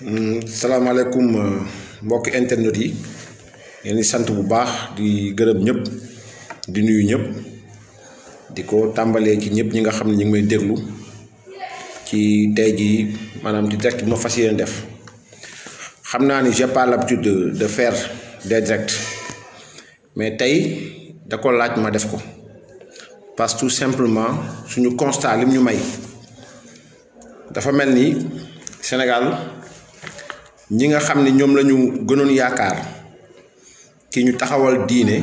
Mm, salaamaaleykum euh, mbokk internet yi leen sant bu baax di gërëm ñëpp di nuyu ñëpp di ko tàmbalee ci ñëpp ñi nga xam ne ñu ngi may déglu ci tey jii maanaam ci direct bi ma fas yéene def xam naa ni j'ai pas l'habitude de de faire des mais tey da ko laaj ma def ko parce que simplement suñu constat lim ñu may dafa mel ni Sénégal. ñi nga xam ne ñoom la ñu gënoon yaakaar ki ñu taxawal diine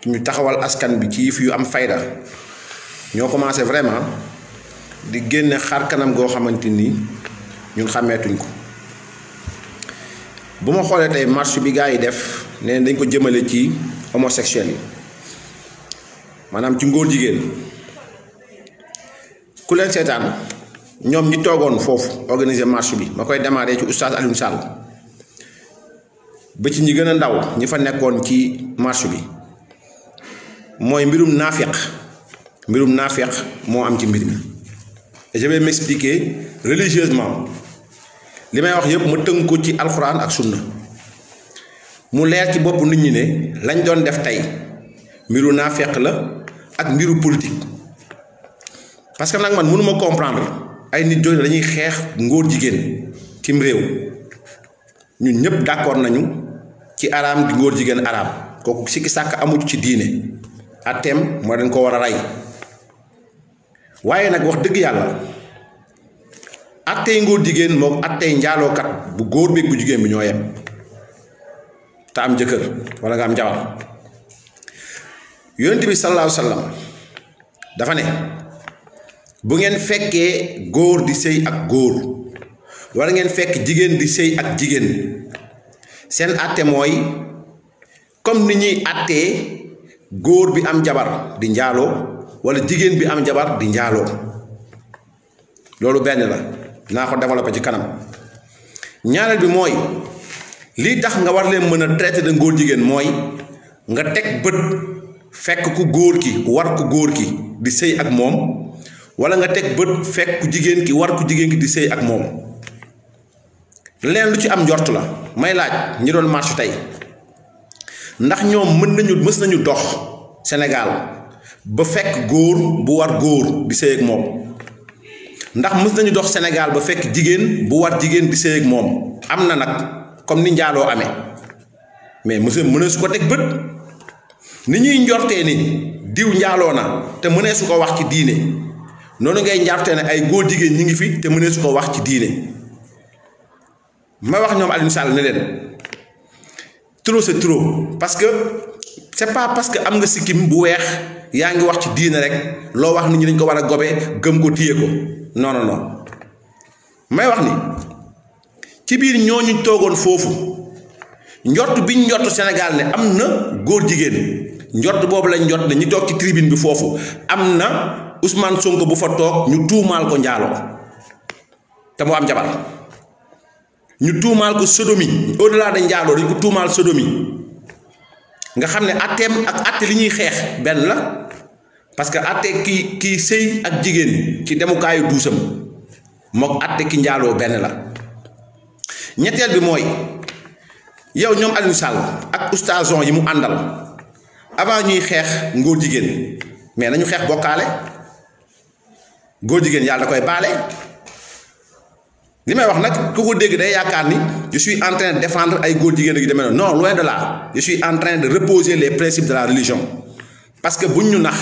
ki ñu taxawal askan bi ci yif yu am fayda ñoo commencé vraiment di génne xar kanam goo xamante ni ñun xàmmeetuñ ko bu ma xoolee tey marche bi gars yi def nee dañ ko jëmale ci homosexuel yi maanaam ci ngóor jigéen ku leen seetaan ñom ñi togon fofu organiser marche bi makoy koy démarrer ci oustad Alioune Sall ba ci ñi gëna ndaw ñi fa nekkoon ci marche bi moy mbirum nafiq mbirum nafiq mo am ci mbir mi je vais m'expliquer religieusement limay wax yëpp ma tënk ko ci alxuraan ak sunna mu leer ci bopp nit ñi ne lañ doon def tey mbiru nafiq la ak mbiru politique parce que nak man mënuma comprendre ay nit jooy dañuy xeex ngóor jigéen kim réew ñun ñëpp accord nañu ci araam di ngóor jigéen araam kooku ki sàkk amuñu ci diine atteem mooy dañ ko war a rey waaye nag wax dëgg yàlla attey ngóor jigéen moom attey njaalookat bu góor bi bu jigéen bi ñoo yem te am jëkkër wala nga am jabar yonente bi sallallahu sallam dafa ne bu ngeen fekkee góor di sëy ak góor war ngeen fekk jigéen di sëy ak jigéen seen àtte mooy comme ni ñuy góor bi am jabar di njaaloo wala jigéen bi am jabar di njaaloo loolu benn la naa ko développé ci kanam ñaareel bi mooy li tax nga war leen mën a traité de ngóor jigéen mooy nga teg bët fekk ku góor ki war ku góor ki di sëy ak moom wala nga teg bët fekk ku jigéen ki war ku jigéen ki di sëy ak moom leen lu ci am njort la may laaj ñi doon marche tey ndax ñoom mën nañu mës nañu dox Sénégal ba fekk góor bu war góor di sëy ak moom ndax mës nañu dox Sénégal ba fekk jigéen bu war jigéen di sëy ak moom am na nag comme ni njaaloo amee mais monsieur mënee su ko teg bët ni ñuy njortee ni diw njaaloo na te mënee su ko wax ci diine noonu ngay njaartee ne ay góor jigéen ñi ngi fi te mënee su ko wax ci diine ma wax ñoom Alioune Sall ne leen trop c'est trop parce que c'est pas parce que am nga sikkim bu weex yaa ngi wax ci diine rek loo wax ni ñu dañ ko war a gobe gëm ko téye ko non non may wax ni ci biir ñooñu toogoon foofu njort biñ njort Sénégal ne am na góor jigéen njort boobu lañ njort ne ñi toog ci tribune bi foofu am na. Ousmane Sonko bu fa toog ñu tuumaal ko njaaloo te mu am jabar ñu tuumaal ko sodomi au delà de njaaloo dañ nga xam ne atteem ak atte li ñuy xeex benn la parce que atte ki kii sëy ak jigéen ci demukaayu duusam mook atte ki njaaloo benn la ñetteel bi mooy yow ñoom Aliou Sall ak oustazon yi mu àndal avant ñuy xeex ngóor jigéen mais nañu xeex bokkaale góor jigéen yàlla da koy baale li may wax nag ku ko dégg day je suis en train de défendre ay góor jigéen yu demee noonu non loin de là je suis en train de reposer les principes de la religion parce que buñ ñu nax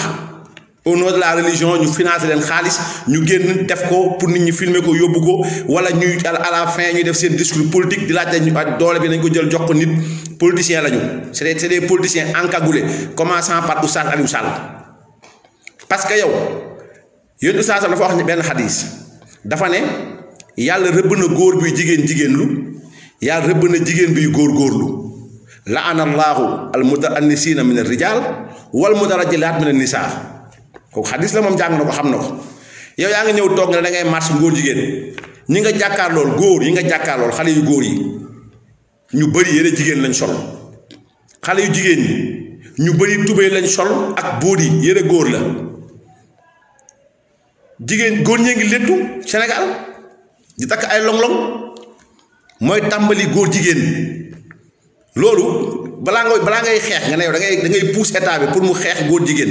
au nom de la religion ñu financer leen xaalis ñu génn def ko pour nit ñi filmer ko yóbbu ko wala ñu à la fin ñu def seen discours politique di laaj ñu doole bi nañ ko jël jox ko nit politicien lañu c'est des c'est des politiciens encagoulés commençant par Oussane Aliou Sall parce que yow. yonent saa sax dafa wax benn xadis dafa ne yàlla rëbb na góor buy jigéen jigéenlu yàlla rëbb na jigéen buy góor góorlu laana allahu al mutaannisiina min ar-rijaal wal mutarajilaat min an-nisaa kooku xadis la moom jàng na ko xam na ko yow yaa ngi ñëw toog ne da ngay marche ngóor jigéen ñi nga jàkkaar lool góor yi nga jàkkaar lool xale yu góor yi ñu bëri yére jigéen lañ sol xale yu jigéen ñi ñu bëri tubéy lañ sol ak yi yére góor la Jigen goor ñi ngi lettu senegal di tak ay long-long moy tambali goor jigen lolu bala nga bala ngay xex nga ne yow da ngay da ngay pousse état bi pour mu xex goor jigen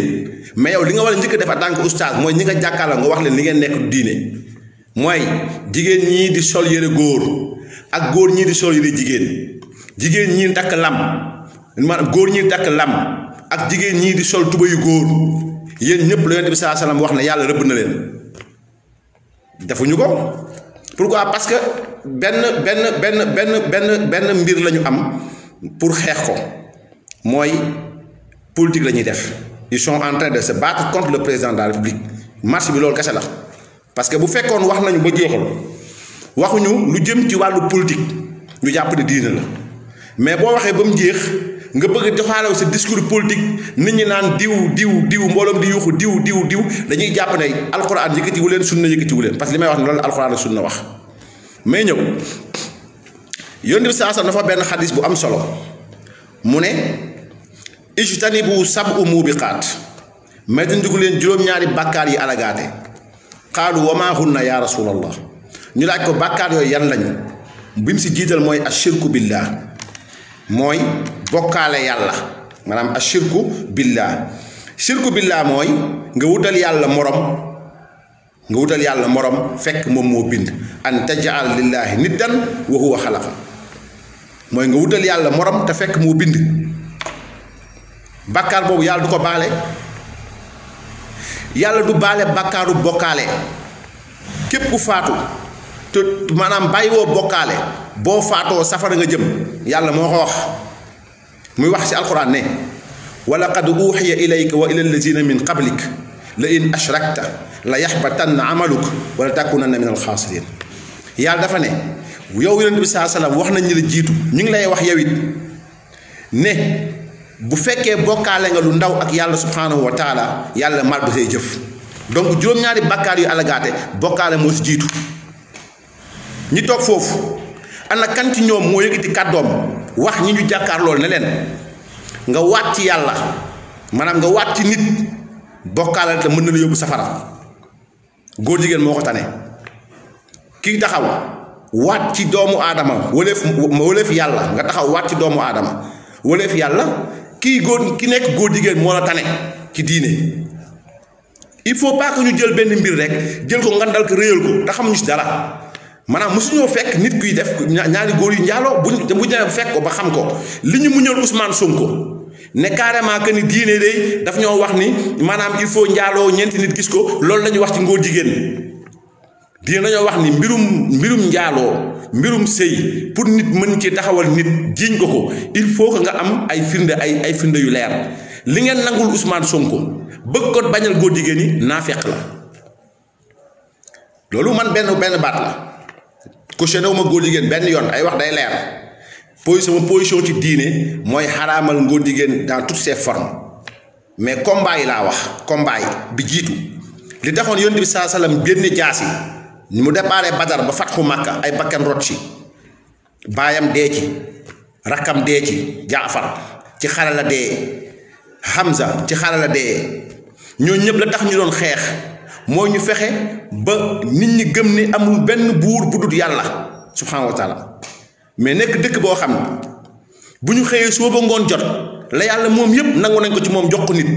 mais yow li nga wala ñëk njëkk a def en tant que oustaz ñi nga jàkkaarloo nga wax le li ngeen nekk diiné moy jigen ñi di sol yere goor ak goor ñi di sol yere jigen jigen ñi tak lam man goor ñi tak lam ak jigen ñi di sol tuba goor yéen ñëpp la pas ne pourquoi parce que benn benn benn mbir la politique ils sont en train de se battre contre le président de la république marche bi la parce que bu fekkoon wax nañu ba lu jëm ci politique ñu jàpp ne la mais boo waxee ba nga bëgg doxaalaw sa discours politique nit ñi naan diw diw diw mbooloom di yuuxu diw diw diw dañuy jàpp ne alxuraan yëkkatiwu leen sunna yëkkatiwu leen parce que li may wax ne loolu alxuraan ak sunna wax may ñëw yonent bi saasam dafa benn xadis bu am solo mu ne ijtanibu sab'u muubiqaat moytandiku leen juróom-ñaari bàkkaar yi alagaate qaalu wa na hunna yaa rasulallah ñu laaj ko bàkkaar yooyu yan lañu bi mu si jiital mooy ashirku billah mooy bokkaale yàlla maanaam ashirku billah shirku billah mooy nga wutal yàlla moroom nga wutal yàlla moroom fekk moom moo bind an tajal lillahi niddan wa huwa xalaqa mooy nga wutal yàlla morom te fekk moo bind bàkkaar boobu yàlla du ko baale yàlla du baale bàkkaaru bokkaale képp faatu te maanaam bàyyiwoo bokkaale bo faato safara nga jëm yàlla moko wax muy wax ci alquran ne wala qad uhiya ilayka wa ila allazina min qablik la in ashrakta la yahbatanna amaluk la takunanna min alkhasirin yàlla dafa ne yow yonent bi sallam wax nañ la jitu ñu ngi lay wax yawit ne bu fekke bokale nga lu ndaw ak yàlla subhanahu wa taala yàlla mal ba sey jëf donc juróom-ñaari bakkar yu alagaate bokale mo si ñi tok fofu ana kan ci ñoom moo yëkkati kàddoom wax ñi ñu jàkkaar loolu ne leen nga waat ci yàlla maanaam nga waat ci nit bokkaale te mën na la yóbbu safara góor jigéen moo ko tane kii taxaw waat ci doomu aadama wëleef wëleef yàlla nga taxaw waat ci doomu aadama wëleef yàlla kii góor ki nekk góor jigéen moo la tane ci diine il faut pas ñu jël benn mbir rek jël ko ngandal ko réyal ko te xamuñu si dara musu ñoo fekk nit kuy def ñaari goor yu njaaloo bu ñu demee fekk ko ba xam ko li ñu muñal Ousmane Sonko ne carrément que ni diiné day daf ñoo wax ni manam il faut njaaloo ñent nit gis ko loolu lañu wax ci ngóor jigen diine nañu wax ni mbirum mbirum njaaloo mbirum sey pour nit mën ci taxawal nit jiiñ ko ko il faut que nga am ay firnde ay ay firnde yu leer li ngeen nangul Ousmane Sonko bëgg ko bañal góor jigéen yi naa fekk la loolu man benn benn baat la cautionné wu ma góor jigéen benn yoon ay wax day leer position sama position ci diine mooy xaraamal ngóor jigéen dans toutes ses formes mais combat laa wax combat bi jiitu li taxoon yonent bi saa salaam génne jaas ni mu déparé Badar ba fatxu Màkka ay bakkan rot baayam dee ci rakkam dee ci Jaafar ci xare la dee Hamza ci xarala la dee ñooñu ñëpp la tax ñu doon xeex. moo ñu fexe ba nit ñi gëm ni amul benn buur bu dut yàlla subhaanahu wa mais nekk dëkk boo xam ne bu ñu xëyee suba ba ngoon jot la yàlla moom yépp nangu nañ ko ci moom jox ko nit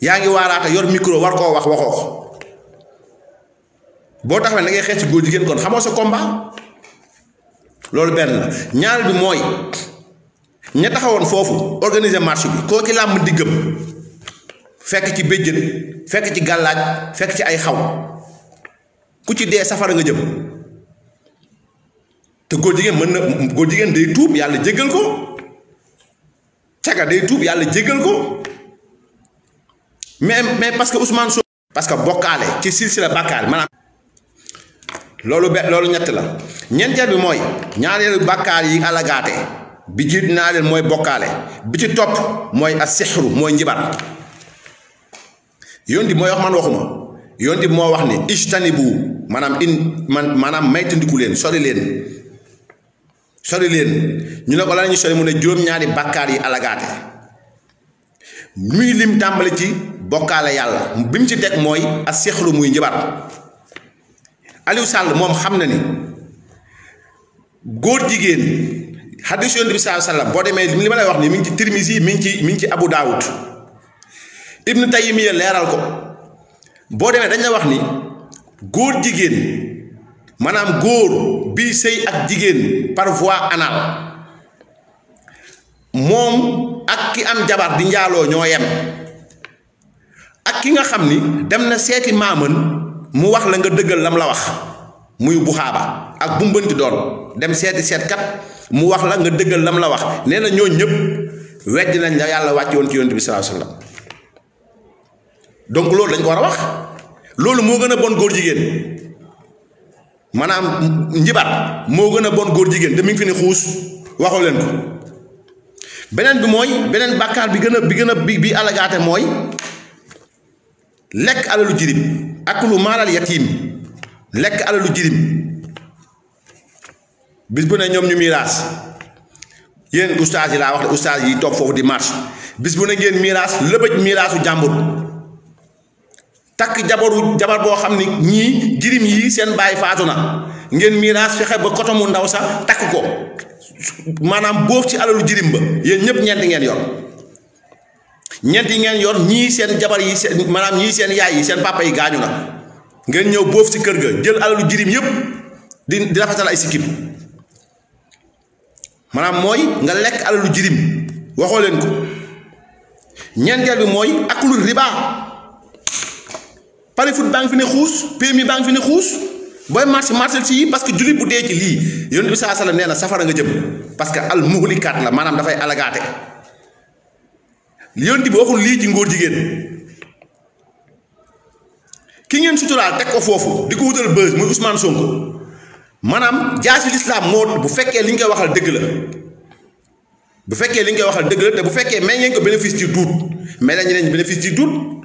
yaa ngi waaraata yor micro war koo wax waxoo boo taxawee la ngay xeex ci góor jigéen kon xamoo sa combat loolu benn la ñaar bi mooy ña taxawoon foofu organise marche bi koo ci làmb diggam fekk ci béjjën fekk ci gàllaaj fekk ci ay xaw ku ci dee safara nga jëm te góor jigéen mën na góor jigéen day tuub yàlla jéggal ko caga day tuub yàlla jéggal ko mais mais parce que Ousmane Sonko parce que bokkaale ci silsila bàkkaar maanaam loolu be loolu ñett la ñeenteel bi mooy ñaareelu bàkkaar yi alagaate bi jiit naa leen mooy bokkaale bi ci topp mooy as sixru mooy njibar yonti mooy wax man waxuma yonti moo wax ni ijtanibu maanaam in man maanaam maytandiku leen sori leen sori leen ñu ne ko la ñu sori mu ne juróom-ñaari bàkkaar yi alagaate muy lim tàmbali ci bokkaale yàlla bi mu ci teg mooy ak seexlu muy njabar Aliou Sall moom xam na ni góor jigéen xadis yonent bi sallallahu alayhi boo demee li ma lay wax ni mi ngi ci Tirmisi mi ngi ci mi ngi ci Abu Daawud ibnu taymiya leral ko bo demé dañ la wax ni goor jigen manam goor bi sey ak jigen par voie anal mom ak ki am jabar di njaalo ño yem ak ki nga xamni dem na seti maman mu wax la nga deugal lam la wax muy buxaba ak mbeunti doon dem seti set kat mu wax la nga deugal lam la wax neena ñoo ñep wedd nañ la yalla wacc won ci yoonte bi sallallahu alayhi wasallam donc loolu dañ ko war a wax loolu moo gën a bon góor jigéen maanaam njibat moo gën a bon góor jigéen te mi ngi fi ne xuus waxu leen ko beneen bi mooy beneen bàkkaar bi gën a bi gën a bi bi alagaate mooy lekk alalu jirim ak lu maalal yatiim lekk alalu jirim bis bu ne ñoom ñu miiraas yéen ustaas yi laa wax de ustaas yi toog foofu di marche bis bu ne ngeen miiraas lëbëj miraasu jàmbur Tak jabaru jabar bo xamni ni girim jirim yii seen bàyyi faatu na ngeen mirage fexé ba kotomu ndaw sa tak ko manam boof ci alalu jirim ba yeen ñep ñent ngeen yor ñent ngeen yor ñi seen jabar yi manam ñi ñii seen yaay yi seen papa yi gañu na ngeen ñew boof ci kër ga jël alalu jirim yep di di rafetal ay sikim manam moy nga lek alalu jirim waxo len ko ñeenteel bi moy akulu riba pari foot bang fini khus, ne xuus PMI baa boy fi ne xuus booy marché marché ci yi parce que jullit bu dee ci lii yonent bi saa sallam nee safara nga jëm parce que al muhlikaat la maanaam dafay alagaate yonent bi waxul lii ci ngóor jigéen ki ngeen suturaal teg ko foofu di ko wutal bës muy Ousmane Sonko maanaam jaasi lislaam moo bu fekkee li ñu koy waxal dëgg la bu fekkee li ñu koy waxal la te bu fekkee may ngeen ko bénéfice ci duut may la ñeneen bénéfice ci duut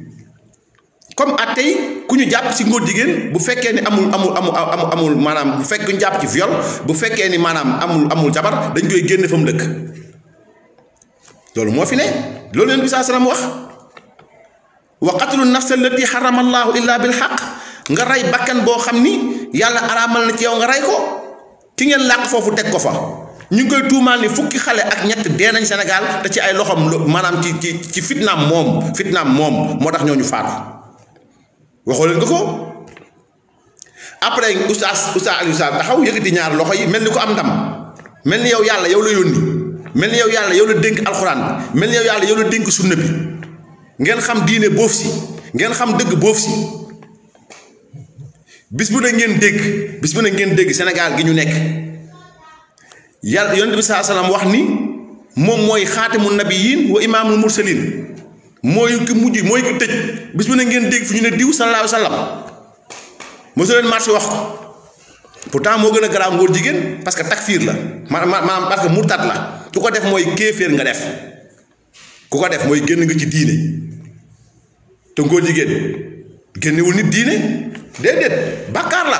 comme atay kuñu japp ci ngor ngóor bu fekke ni amul amul amul amul amul manam bu fekk ñu japp ci viol bu fekke ni manam amul amul jabar dañ koy genn fam mu dëkk mo fi ne loolu leen bi saa wax wa qatlun nafs allati harama allahu illa bil haqq nga ray bakkan bo xamni yalla aramal na ci yow nga ray ko ci ngeen laq fofu tek ko fa ñu koy tuumal ni fukki xalé ak ñett de nañ senegal te ci ay loxam manam ci ci ci mom moom mom motax moo tax faatu waxoo leen ko ko après oustaz oustaz Alioune Sarr taxaw yëkkati ñaar loxo yi mel ni ko am ndam mel ni yow yàlla yow la yónni mel ni yow yàlla yow la dénk alxuraan bi mel ni yow yàlla yow la dénk sunna bi ngeen xam diine boof si ngeen xam dëgg boof si bis bu ne ngeen dégg bis bu ne ngeen dégg Sénégal gi ñu nekk yàlla yonent bi saa salaam wax ni moom mooy xaatimu nabiyiin wa imaamul mursaliin moy ki mujj moy ki tëj bis bu ne ngeen dégg fu ñu ne diw sallallahu alayhi wasallam mosu leen marché wax ko pourtant moo gën a garaaw ngóor jigéen parce que takfir la ma maanaam parce que murtat la ku ko def mooy kéeféer nga def ku ko def mooy génn nga ci diine te ngóor jigéen génnewul nit diine déedéet bàkkaar la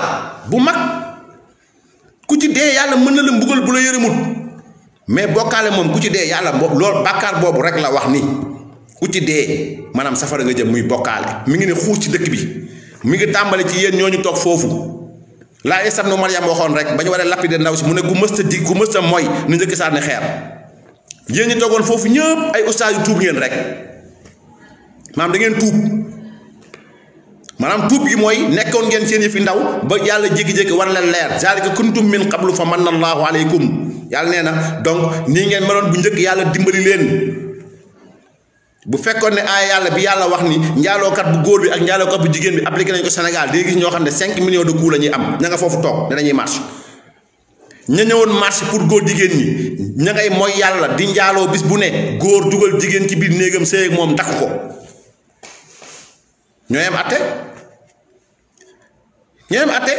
bu mag ku ci dee yàlla mën na la mbugal bu la yërëmut mais bokkaale moom ku ci dee yàlla loolu bàkkaar boobu rek la wax ni ku ci dee maanaam safara nga jëm muy bokkaale mi ngi ne xuus ci dëkk bi mi ngi tàmbali ci yéen ñooñu toog foofu laa Iisaa ibnu Maryam waxoon rek ba ñu waree lapide ndaw si mu ne ku mësta di ku mësta mooy nu njëkk sànni xeer yéen ñi toogoon foofu ñëpp ay ustaas yu tuub ngeen rek maanaam da ngeen tuub maanaam tuub gi mooy nekkoon ngeen seen yëfi ndaw ba yàlla jékki-jékki war leen leer zaalika kuntum min qablu fa manna Allahu aleykum yàlla nee na donc nii ngeen meloon bu njëkk yàlla dimbali leen bu fekkoon ne aaya yàlla bi yàlla wax ni njaalookat bu góor bi ak njaalookat bu jigéen bi appliqué nañ ko Sénégal day gis ñoo xam ne cinq millions de coups la ñuy am ña nga foofu toog ne dañuy marche ña ñëwoon marche pour góor jigéen ñi ña ngay mooy yàlla di njaaloo bis bu ne góor dugal jigéen ci biir néegam sëy ak moom takk ko ñooy am atte ñooy am atte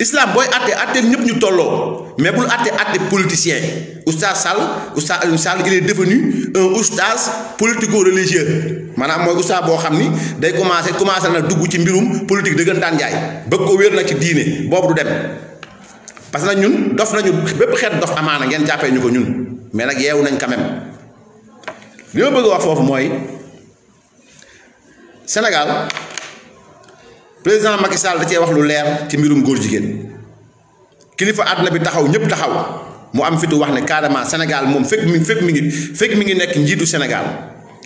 islam booy àtte àtte ñëpp ñu tolloo mais bul àtte àtte politicien oustaz Sall oustaz Alioune Sall il est devenu un oustaz politico-religieux maanaam mooy oustaz boo xam ni day commencé commencé na dugg ci mbirum politique dëggantaan njaay bëgg ko wéer na ci diine boobu du dem parce que ñun dof nañu bépp xeet dof amaana ngeen jàppee ñu ko ñun mais nag yeewu nañ quand même li ma bëgg a wax foofu mooy Sénégal. président Macky Sall da cee wax lu leer ci mbirum góor jigéen kilifa àdduna bi taxaw ñëpp taxaw mu am fitu wax ne carrément Sénégal moom fekk mi fekk mi ngi fekk mi ngi nekk njiitu Sénégal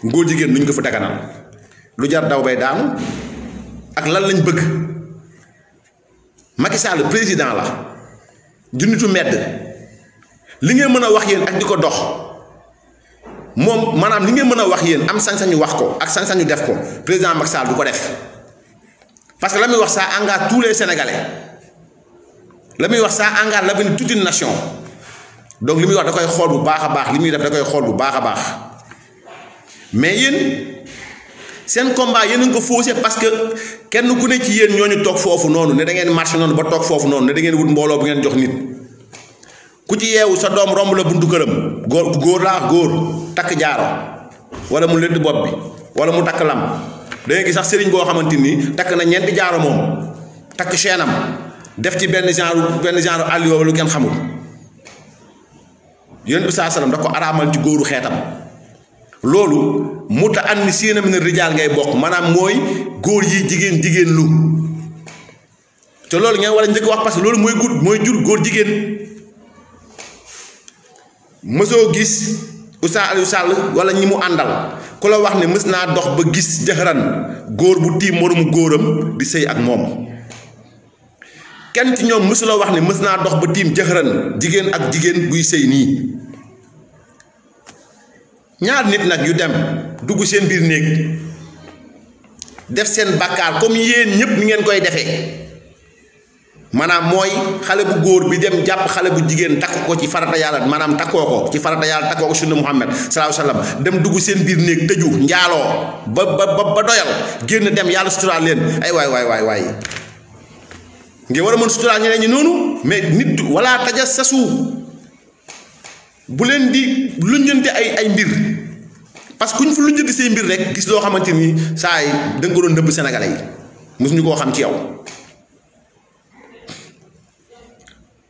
góor jigéen lu ñu ko fa daganal lu jar daw bay daanu ak lan lañ bëgg Macky président la junnitu medd li ngeen mën a wax yéen ak di ko dox moom maanaam li ngeen mën a wax yéen am sañ-sañu wax ko ak sañ-sañu def ko président Macky Sall du ko def parce que lamuy wax ça anga tous les sénégalais lamuy wax ça anga l'avenir de toute une nation donc limuy wax da koy xool bu baakha a baax li def da koy xool bu baakha a baax mais yeen sen combat yeen a fossé parce que kenn ku ne ci yeen ñooñu tok fofu nonu ne da ngeen marché nonu ba tok fofu nonu ne da ngeen wut mbolo bu ngeen jox nit ku ci yewu sa dom romb la buntu këram góor góor la góor tak jaaro wala mu leud bopp bi wala mu tak lam da ngay gis sax sëriñ bo xamanteni tak na ñent jaaro mom tak xénam def ci ben genre ben genre àll yooyu lu kenn xamul yeen bi saa da ko aramal ci góoru xétam lolu muta anni ànd min rijal ngay bok manam moy yi jigen jigen lu te lolu ngay war a wax parce lolu moy mooy gudd mooy jur góor jigen mësoo gis Oustaz Aliou Sall wala ñimu andal. ku la wax ne mës naa dox ba gis jaxaran góor bu tiim moromu góoram di sëy ak moom kenn ci ñoom mësula wax ne mës naa dox ba tiim jaxaran jigéen ak jigéen buy sëy nii ñaar nit nag yu dem dugg seen biir néeg def seen bàkkaar comme yéen ñëpp ni ngeen koy defee manam moy xale bu goor bi dem japp xale bu jigen takko ko ci farata yalla manam takko ko ci farata yalla takko ko sunu muhammad sallallahu alaihi wasallam dem dugu sen birne neek teju njaalo ba ba ba doyal genn dem yalla suturaal len ay way way way way nge wara mon mën ñene ñi nonu mais nit wala tajassasu bu len di lunjante ay ay mbir parce que ku ñu fi sey mbir rek gis lo xamanteni say da nga doon nëbb sénégalais yi xam ci yow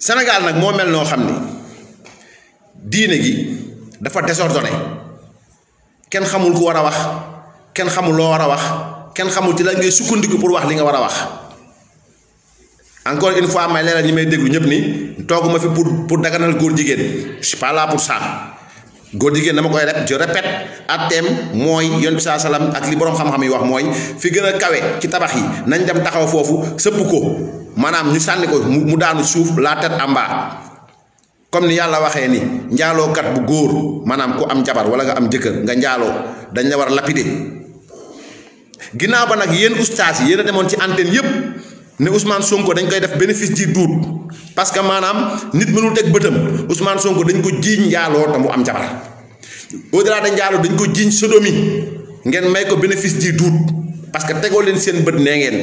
Sénégal nag moo mel noo xam ne diine gi dafa désordonné kenn xamul ku war a wax kenn xamul loo war a wax kenn xamul ci la ngay sukkandiku pour wax li nga war a wax encore une fois may leeral ñi may déglu ñëpp ni tooguma fi pour pour daganal góor jigéen je suis pas pour ça. góor jigéen dama koy rep je répète atem moy yon bi saa ak li borom xam-xam yi wax moy fi geuna kawé ci tabax yi nañ dem taxaw fofu sepp ko manam ñu sanni ko mu daanu suuf la tête en bas comme ni yalla waxé ni kat bu góor manam ku am jabar wala nga am jëkkeur nga njaaloo dañ la war lapider ginnaaw ba nag yi yeena demone ci antenne yépp ne Ousmane Sonko dañ koy def bénéfice di doute parce que manam nit mënul tek bëtam Ousmane Sonko dañ ko jiñ njaaloo te mu am jabar au delà de njaaloo dañ ko jiñ sodomi ngeen may ko bénéfice di doute parce que tegoo leen seen bët ne ngeen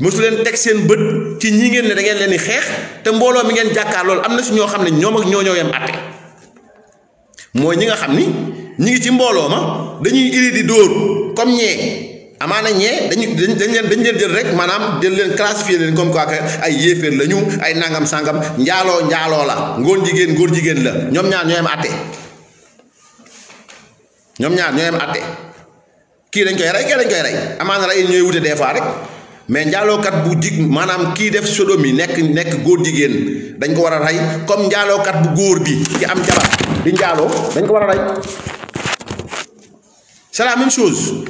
mosu leen tek seen bët ci ñi ngeen ne da ngeen leen ni xex te mbolo mi ngeen jàkkaar loolu am na ño ñoo ñom ak ñoo yam yem àtte mooy ñi nga xamni ni ñi ngi ci mbolo ma dañuy iri di dóor comme ñe amaana ñee dañu dañ leen dañ leen jël rek maanaam jël leen classifier leen comme quoi ay yéeféer la ñu ay nangam sangam njaaloo njaaloo la ngóor jigéen ngóor jigéen la ñoom ñaar ñooy am àtte ñaar ñooy am kii dañ koy rey kii dañ koy rey amaana rey ñooy wute des fois rek mais njaalookat bu jig maanaam kii def sodomi nekk nekk góor jigéen dañ ko war a rey comme njaalookat bu góor bi ki am jabar bi njaaloo dañ ko war a rey c'est la chose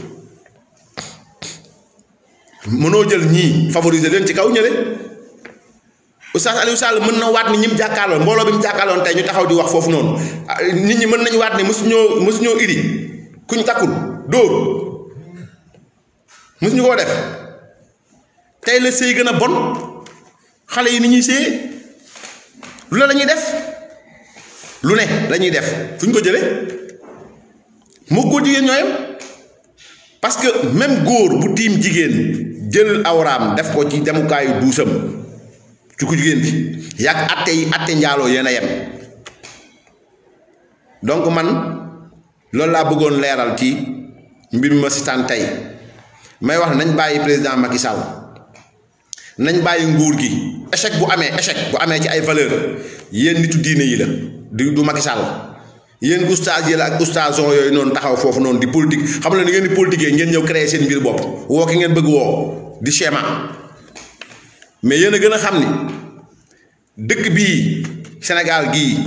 mënoo jël ñii favoriser leen ci kaw ñële Oustaz Aliou Sall mën na waat ni ñi mu jàkkaarloon mbooloo bi mu jàkkaarloon tey ñu taxaw di wax foofu noonu ah, nit ñi mën nañu waat ni mësuñoo mësuñoo iri kuñ takkul dóor mësuñu koo def tey la sëy gën a bon xale yi nit ñuy sëyee lu ne la def lu ne lañuy def fu ñu ko jële mu góor jigéen ñooyam parce que même góor bu tiim jigéen jël awraam def ko ci demukaayu duusam ci ku jigéen bi yàgg atte yi atte njaaloo yéen a yem donc man loolu laa bëggoon leeral ci mbir ma si tey may wax nañ bàyyi président Macky Sall nañ bàyyi nguur gi échec bu amee échec bu amee ci ay valeur yéen nitu diine yi la du du Macky Sall yéen oustaz yi la ak oustazon yooyu noonu taxaw foofu noonu di politique xam nga ni ngeen di politiquer ngeen ñëw créer seen mbir bopp woo ki ngeen bëgg woo di schéma mais yéen a gën a xam ni dëkk bii Sénégal gii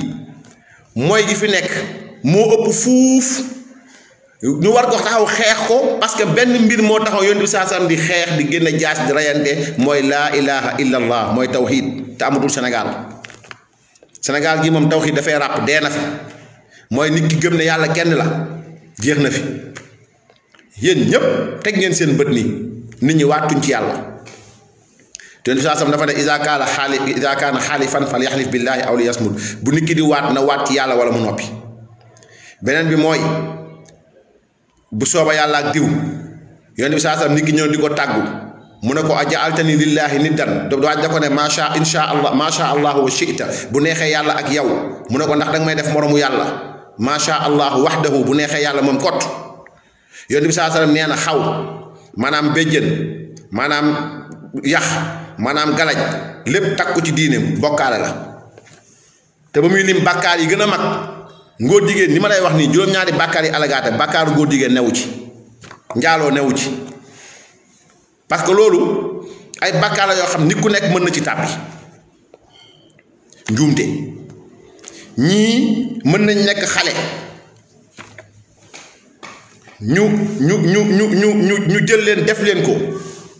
mooy gi fi nekk moo ëpp fuuf ñu war ko taxaw xeex ko parce que benn mbir moo taxaw yoon bi xeex di génn jaas di rayante mooy laa ilaha illa allah mooy tawxiid te amatul Sénégal Sénégal gii moom tawxiid dafay ràpp dee na fi mooy nit ki gëm ne yàlla kenn la jeex na fi yéen ñëpp teg ngeen seen bët nii nit ñi waatuñ ci yàlla te yonent bi dafa ne iza kaana xaali iza kaana xaalifan fal yaxlif billahi aw li yasmut bu nit ki di waat na waat ci yàlla wala mu noppi beneen bi mooy bu sooba yàlla ak diw yonent bi saasam nit ki ñëw di ko tàggu mu ne ko ajaaltani lillaahi do waaj ko ne macha insha allah macha allah wa shita bu neexee yàlla ak yow mu ne ko ndax danga may def moromu yàlla macha allah waxdahu bu neexee yàlla moom kott yonent bi saa sallam nee na xaw maanaam béjjën maanaam yax maanaam galaj lépp takku ci diine bokkaale la te ba muy lim bàkkaar yi gën a mag ngóor jigéen ni ma lay wax nii juróom-ñaari bàkkaar yi alagaate bàkkaaru góor jigéen newu ci njaaloo newu ci parce que loolu ay bàkkaar yoo xam nit ku nekk mën na ci tàbbi njuumte ñii mën nañ nekk xale ñu ñu ñu ñu ñu ñu ñu jël leen def leen ko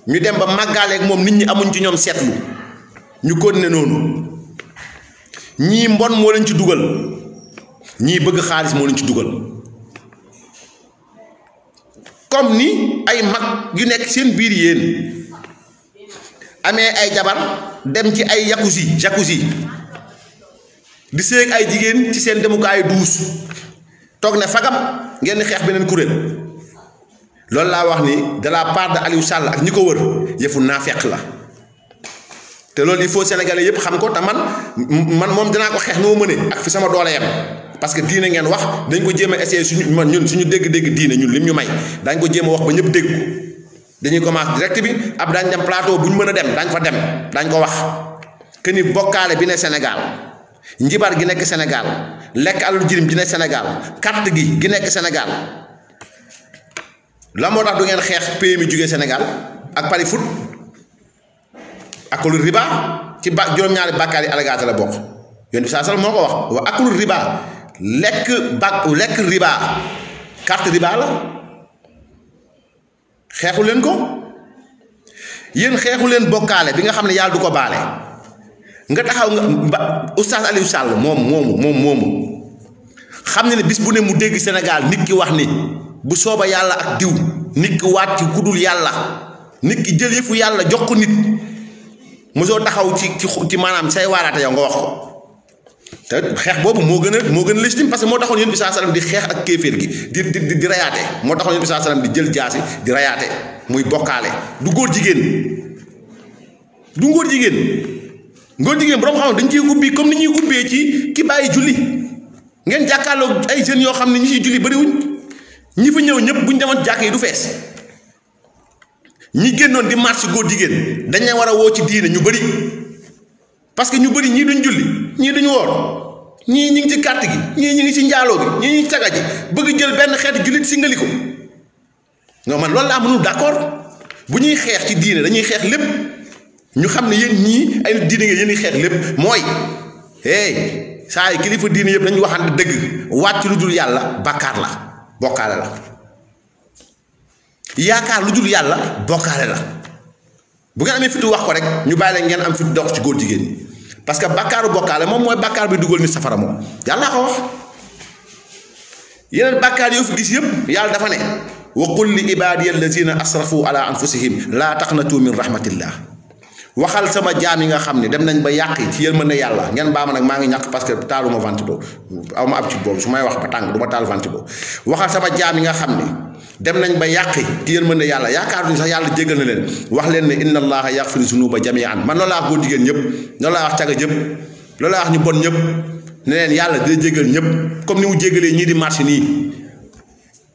ñu dem ba màggaaleeg moom nit ñi amuñ ci ñoom seetlu ñu kon ne noonu ñii mbon moo leen ci dugal ñii bëgg xaalis moo leen ci dugal comme ni ay mag yu nekk seen biir yéen amee ay jabar dem ci ay jacuzzi jacuzzi di seeg ay jigen ci demu kay dous tok ne fagam ngeen xex benen kurel lol la wax ni de la part de Aliou Sall ak ñiko wër yefu nafiq la te lol il faut sénégalais yépp xam ko ta man man mom dina ko xex no ma ak fi sama doole yam parce que diiné ngeen wax dañ ko jéem essayer suñu man ñun suñu dégg-dégg diiné ñun lim ñu may dañ ko jéem wax ba ñëpp dégg dañuy commencé direct bi ab dañ dem plateau buñ ñu dem dañ fa dem dañ ko wax que ni bi né Sénégal njibar gi nek Senegal, lek alu jirim ji Senegal, sénégal carte gi gi nek senegal la moo tax du ngeen xex pays mi jógee senegal ak paris foot akul riba ci jom ñaari bakari alagata la bok yoon bi saa sal wax wa akul riba lek bak lek riba carte riba la xexu len ko yéen xexu len bokkaale bi nga xam yalla duko balé nga taxaw nga ba oustaz aliou sall mom mom mom moomu xam ne bis bu ne mu deg senegal nit ki wax ni bu soba yalla ak diw nit ki wat ci kudul yalla nit ki jeul yefu yalla jox ko nit so taxaw ci ci manam say warata yow nga wax ko te xex bobu mo gën mo moo gën parce que mo taxoon yéen bi sallam di xex ak kéeféer gi di di di rayate mo taxoon yéen bi sallam di jeul jasi di rayate muy bokalé du góor jigen du ngor jigen ngor jigéen borom xam dañ ciy ubbi comme ni ñuy ubbee ci ki bàyyi julli ngeen jàkkaarloog ay jeunes yoo xam ne ñi ciy julli bëriwuñ ñi fa ñëw ñëpp buñ demoon jàkk du fees ñi génnoon di marche góor jigéen dañ leen war a woo ci diine ñu bëri parce que ñu bëri ñii duñ julli ñii duñ woor ñii ñi ci kàtt gi ñii ñi ci njaaloo gi ñii ñi ngi ji bëgg jël benn xeetu jullit si ngaliko man loolu laa mënul d' accord bu ñuy xeex ci diine dañuy xeex lépp ñu xam ne yéen ñii ay nit diine ngeen xeet lépp mooy hey saa yi kilifa diine yëpp dañuy waxante dëgg wàcc lu dul yàlla bàkkaar la bokkaale la yaakaar lu dul yàlla bokkaale la bu ngeen amee fitu wax ko rek ñu bàyyi leen ngeen am fitu dox ci góor jigéen ñi parce que bàkkaaru bokkaale moom mooy bàkkaar bi dugal ni safara moom yàlla ko wax yeneen bàkkaar yoo fi gis yëpp yàlla dafa ne wa qul li ibaadiya allazina asrafu ala anfusihim laa tax na min rahmatillah waxal sama jaam yi nga xamni dem nañ ba yaqi ci yéen yalla ngeen baama nak ma ngi ñak parce que taluma ventido awma ab ci bob su may wax ba tang duma tal taal waxal sama jaam yi nga xamni dem nañ ba yaqi ci yéen yalla yaakar yàlla sax yalla jéggal na leen wax leen ne inna allaha yaghfiru dhunuba jamian man la ko digeen ñep no la wax taga jëm lo la wax ñu bon ñep ne leen dina jéggal ñep comme ni mu jéggalé ñi di marché ni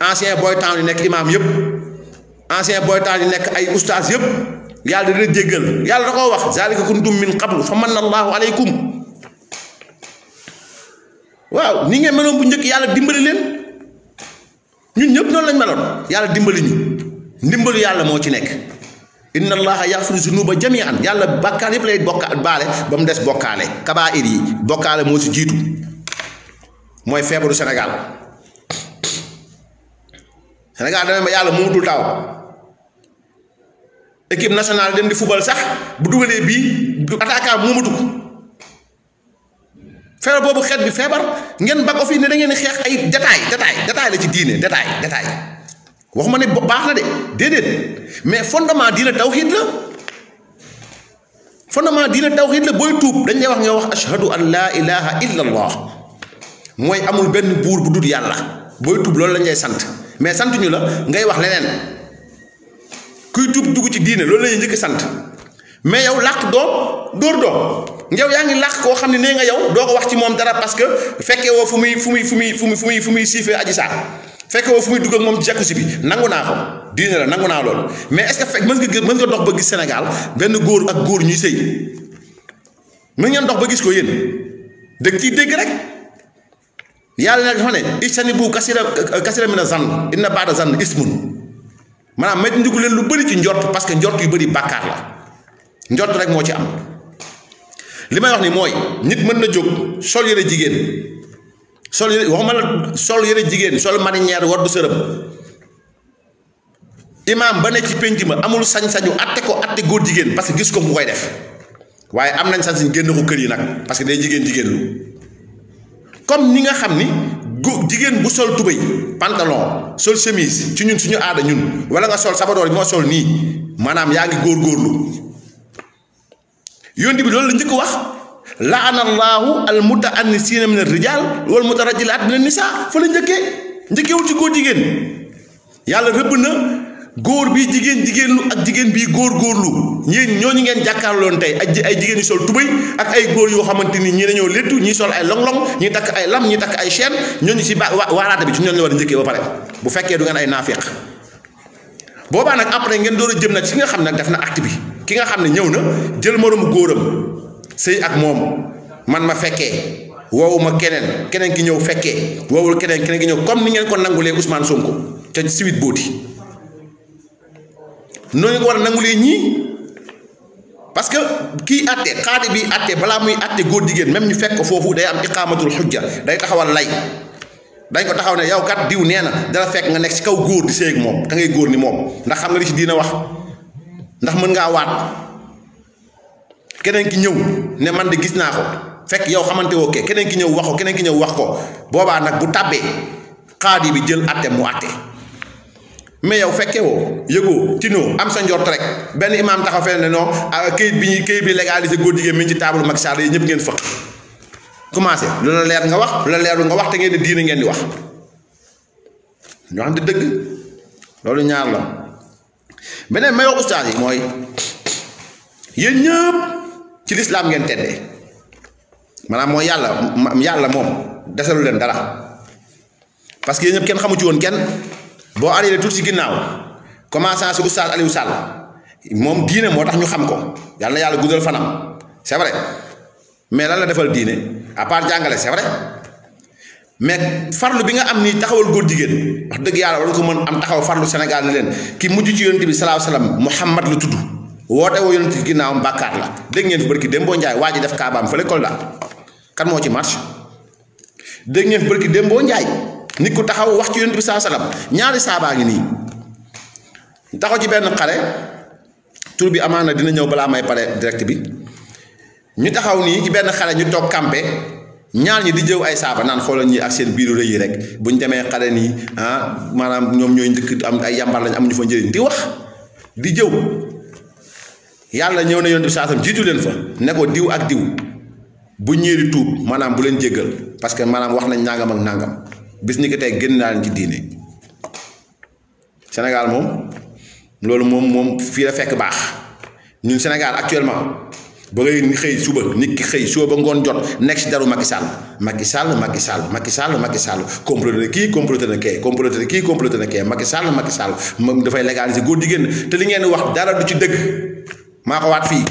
ancien boy town yi nek imam yëpp ancien boy town yi nek ay oustaz yep yalla dina djegal yalla dako wax zalika kuntum min qabl fa manna allahu aleykum waaw ni ngeen melone bu ñeuk yalla dimbali len ñun ñëpp non lañ melone yalla dimbali ñu ndimbalu yalla mo ci nek inna allaha yaxfiru zunuba jamian yalla bakkar yep lay bokka balé bam dess bokalé kaba'ir yi bokalé mo ci jitu moy febru senegal senegal dama yalla mo dul taw équipe nationale dem di football sax bu dougalé bi attaquant mu moomatu ko feebar boobu xeet bi febar ngeen bag ko fii ne da ngeen xex ay détail détail détail la ci diiné détail détail waxuma ne baax la dé déedéet mais fondement diiné tawhid la fondement diiné tawhid la boy toup dañ lay wax nga wax ashhadu an la ilaha illa allah moy amul benn bour bu dul yalla boy toup lolou lañ lay sante mais santuñu la ngay wax lenen kuy tuub dugg ci diine loolu la ñuy njëkk sant mais yow làq doom dóor doom ngew yaa ngi làq koo xam ne nee nga yow doo ko wax ci moom dara parce que fekkee woo fu muy fu muy fu muy fu muy fu muy fu muy siifee aji saar fekkee woo fu muy dugg ak moom ci jacuzzi bi nangu naa ko diine la nangu naa loolu mais est ce que fekk mën nga mën nga dox ba gis Sénégal benn góor ak góor ñuy sëy mën ngeen dox ba gis ko yéen dëgg ciy dégg rek yàlla nag dafa ne bu kasira kasira mina zan inna baada zan ismun manam met ndigu len lu beuri ci njort parce que njort yu beuri bakkar la njort rek mo ci am limay wax ni moy nit meun na jog sol yere jigen sol yere waxuma la sol yere jigen sol marinière war du sërëm imam ba ne ci pénc amul sañ-sañu atté ko atté goor jigen parce que gis ko mu koy def waye am nañ sañ-sañ ko keur yi nak parce que day jigen jigen lu comme ni nga xamni góor jigéen bu sol tubéy pantalon sol chemise ci ñun suñu aada ñun wala nga sol sabadoor bi nga sol nii maanaam yaa ngi góor góorlu yónni bi loolu la njëkk wax laana allahu al mutaannisiina min ar-rijaal wal mutarajjilaat min an-nisaa fa la njëkkee njëkkeewul ci góor jigéen yàlla rëbb na góor bi jigéen jigéenlu ak jigéen bii góor góorlu ñeen ñooñu ngeen jàkkaarloon tey ay ay jigéen yu sol tubéy ak ay góor yoo xamante ni ñi dañoo léttu ñi sol ay long-long ñi takk ay lam ñi takk ay chaîne ñooñu si ba waaraate bi ci ñooñu la a njëkkee ba pare bu du ngeen ay naafeeq boobaa nag après ngeen door a jëm nag ci nga xam ne def na acte bi ki nga xam ne ñëw na jël moromu góoram sëy ak moom man ma fekkee woowu ma keneen keneen ki ñëw fekkee woowul keneen keneen ki ñëw comme ni ngeen ko nangulee Ousmane Sonko ca suite booti noonu nga war a nangulee ñii parce que kii àtte xaadi bi àtte balaa muy àtte góor jigéen même ñu fekk ko foofu day am iqaamatul xujja day taxawal lay dañ ko taxaw ne yow kat diw nee na dala fekk nga nekk ci kaw góor di séeg moom ka ngay góor ni moom ndax xam nga li ci diina wax ndax mën ngaa waat keneen ki ñëw ne man de gis naa ko fekk yow xamante woo keneen ki ñëw wax ko keneen ki ñëw wax ko boobaa nag bu tàbbee xaadi bi jël àtte mu àtte mais yow fekke wo yego tino am sa ndior trek ben imam taxaw fee ne non ah, kayit bi ñuy kayit bi légalisé goor jigéen mi ci table mak Sall yi ñëpp ngeen fakk commencé lu la leer nga wax lu la leer nga wax te ngeen di diine ngeen di wax ñu xam di dëgg loolu ñaar la benen mayo oustad yi moy yeen ñëpp ci l'islam ngeen teddee manam moy yalla yalla mom dessalu len dara parce que yeen ñëpp kenn xamu ci won kenn ari le tout ci ginnaw commencé ci oustad Aliou Sall mom diine motax ñu xam ko yalla na guddal fanam c'est vrai mais lan la defal diine à part jàngale c'est vrai mais farlu bi nga am ni taxawal goor digeen wax deug yalla war ko mën am taxaw farlu Sénégal ne leen ki mujju ci yoonte bi alayhi wasallam Muhammad la tuddu wote wo yoonte ci ginnaawam bàkkaar la deug ngeen fi barki Dembo njaay waji def kaba am fele Kolda kan mo ci marche deug ngeen barki Dembo njaay nit ku taxaw wax ci yunus sallam ñaari saaba ngi ni taxaw ci ben xare tour bi amana dina ñew bala may pare direct bi ñu taxaw ni ci ben xare ñu tok campé ñaar ñi di jëw ay saaba naan xolal ñi ak seen biiru reuy rek buñu démé xare ni ah manam ñom ñoy ndëkk am ay yambar lañ amuñu fa njëriñ di wax di jëw yalla ñew na yunus sallam jitu salaam leen fa ne ko diw ak diw bu ñëri tuub manam bu leen jéggal parce que manam wax nañ nangam ak nangam bis ni ko tey génn naa leen ci diine Sénégal moom loolu moom moom fii la fekk baax ñun Sénégal actuellement ba ngay xëy suba nit ki xëy suba ba ngoon jot nekk si daru Macky Sall Macky Sall Macky Sall Macky Sall Macky Sall comploté kii comploté na kee comploté kii comploté na kee Macky Sall Macky Sall moom dafay légaliser góor jigéen te li ngeen wax dara du ci dëgg maa ko waat fii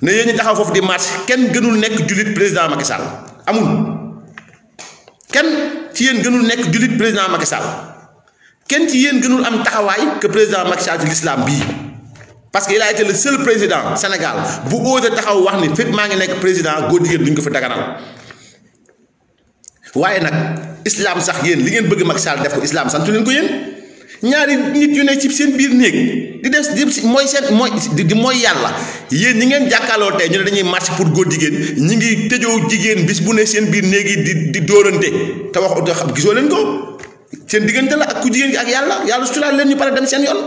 ne yéen ñi taxaw foofu di marche kenn gënul nekk jullit président Macky Sall amul kenn. ci yéen gënul nekk jullit président Macky Sall kenn ci yéen gënul am taxawaay que président Macky Sall ci l'islam bii parce que il jël été président Sénégal bu oose taxaw wax ni fépp maa ngi nekk président góor jigéen duñ ko fi daganal waaye nag islam sax yéen li ngeen bëgg Macky Sall def ko islam santu leen ko yéen. ñaari nit yu ne ci seen biir néeg di def di mooy seen mooy di mooy yàlla yéen ñi ngeen jàkkaarloo tey ñu ne dañuy marche pour góor jigéen ñi ngi tëjoo jigéen bis bu ne seen biir néeg di di dóorante te wax te xam gisoo leen ko seen diggante la ak ku jigéen ak yàlla yàlla suturaal leen ñu pare dem seen yoon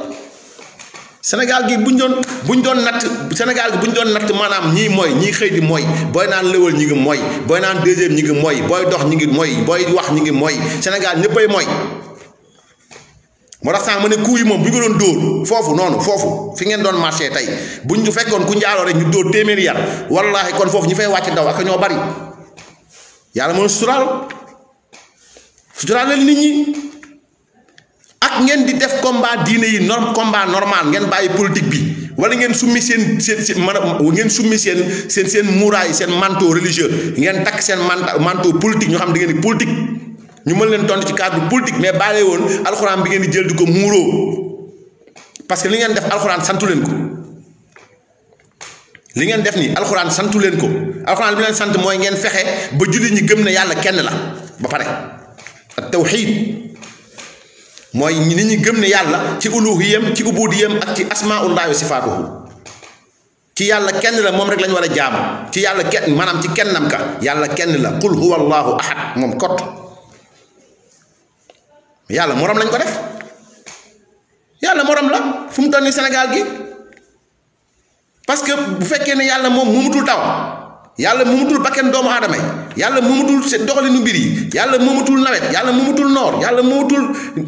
sénégal gi buñ doon buñ doon natt sénégal gi buñ doon natt maanaam ñii mooy ñii xëy di mooy booy naan lëwal ñi ngi mooy booy naan deuxième ñi ngi mooy booy dox ñi ngi mooy booy wax ñi ngi mooy sénégal ñëppay mooy moo tax sànq ma ne coup yi moom bu ñu ko doon dóor foofu noonu foofu fi ngeen doon marché tay buñu ñu ku njaaloo rek ñu dóor témer yar wallahi kon fofu ñi fay wacc daw ak ñoo bari yalla mo sural, sural nit ñi ak ngeen di def combat diiné yi norm combat normal ngeen bayyi politique bi wala ngeen summi sen sen seen ngeen summi sen sen sen muuraay sen manteau religieux ngeen tak sen manteau politique ñu xam da ngeen politique ñu mën leen tontu ci cadre politique mais balé won alcorane bi ngeen di jël diko muro parce que li ngeen def alcorane santu leen ko li ngeen def ni alcorane santu leen ko alcorane bi leen sante moy ngeen fexé ba julli ñi gëm na yalla kenn la ba paré ak tawxiid mooy nit ñi gëm na yalla ci uluhiyam ci ubudiyam ak ci asmaullahi wa sifaatuhu ci yalla kenn la mom rek lañ wara jaam ci yalla kenn manam ci kennam ka yalla kenn la qul huwa allahu ahad mom kott yalla moram lañ ko def yalla moram la fum tan ni senegal gi parce que bu fekke ne yalla mom mumutul taw yalla mumutul bakken doomu aadama yalla mumutul se doxalinu mbir yi yalla mumutul nawet yalla mumutul noor yalla mumutul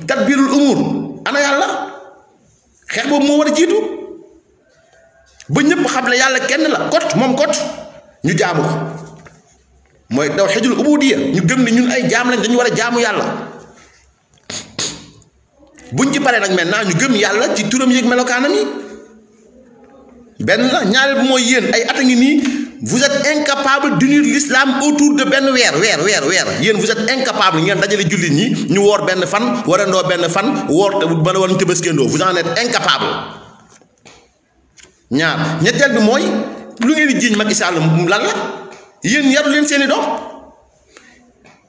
tadbirul umur ana yalla xex boobu mo wara jitu ba ñepp xamle yalla kenn la kot mom kot ñu jaamu ko mooy daw ñu gëm ni ñun ay jaam lañ dañu ya Allah. jaamu yalla buñ ci paré nak maintenant ñu gëm yalla ci turam yëg melokaanam yi ben la ñaareel bu moy yeen ay at a ngi nii vous êtes incapable d'unir l'islam autour de ben weer weer weer weer yéen vous êtes incapable ngeen dajale jullit ñi ñu wor ben fan warando ben fan woor ba won te beskendo vous en êtes incapable ñaar ñetteel bi moy lu ngeen di jiiñ Macky Sall lan la yéen yaru leen seeni dox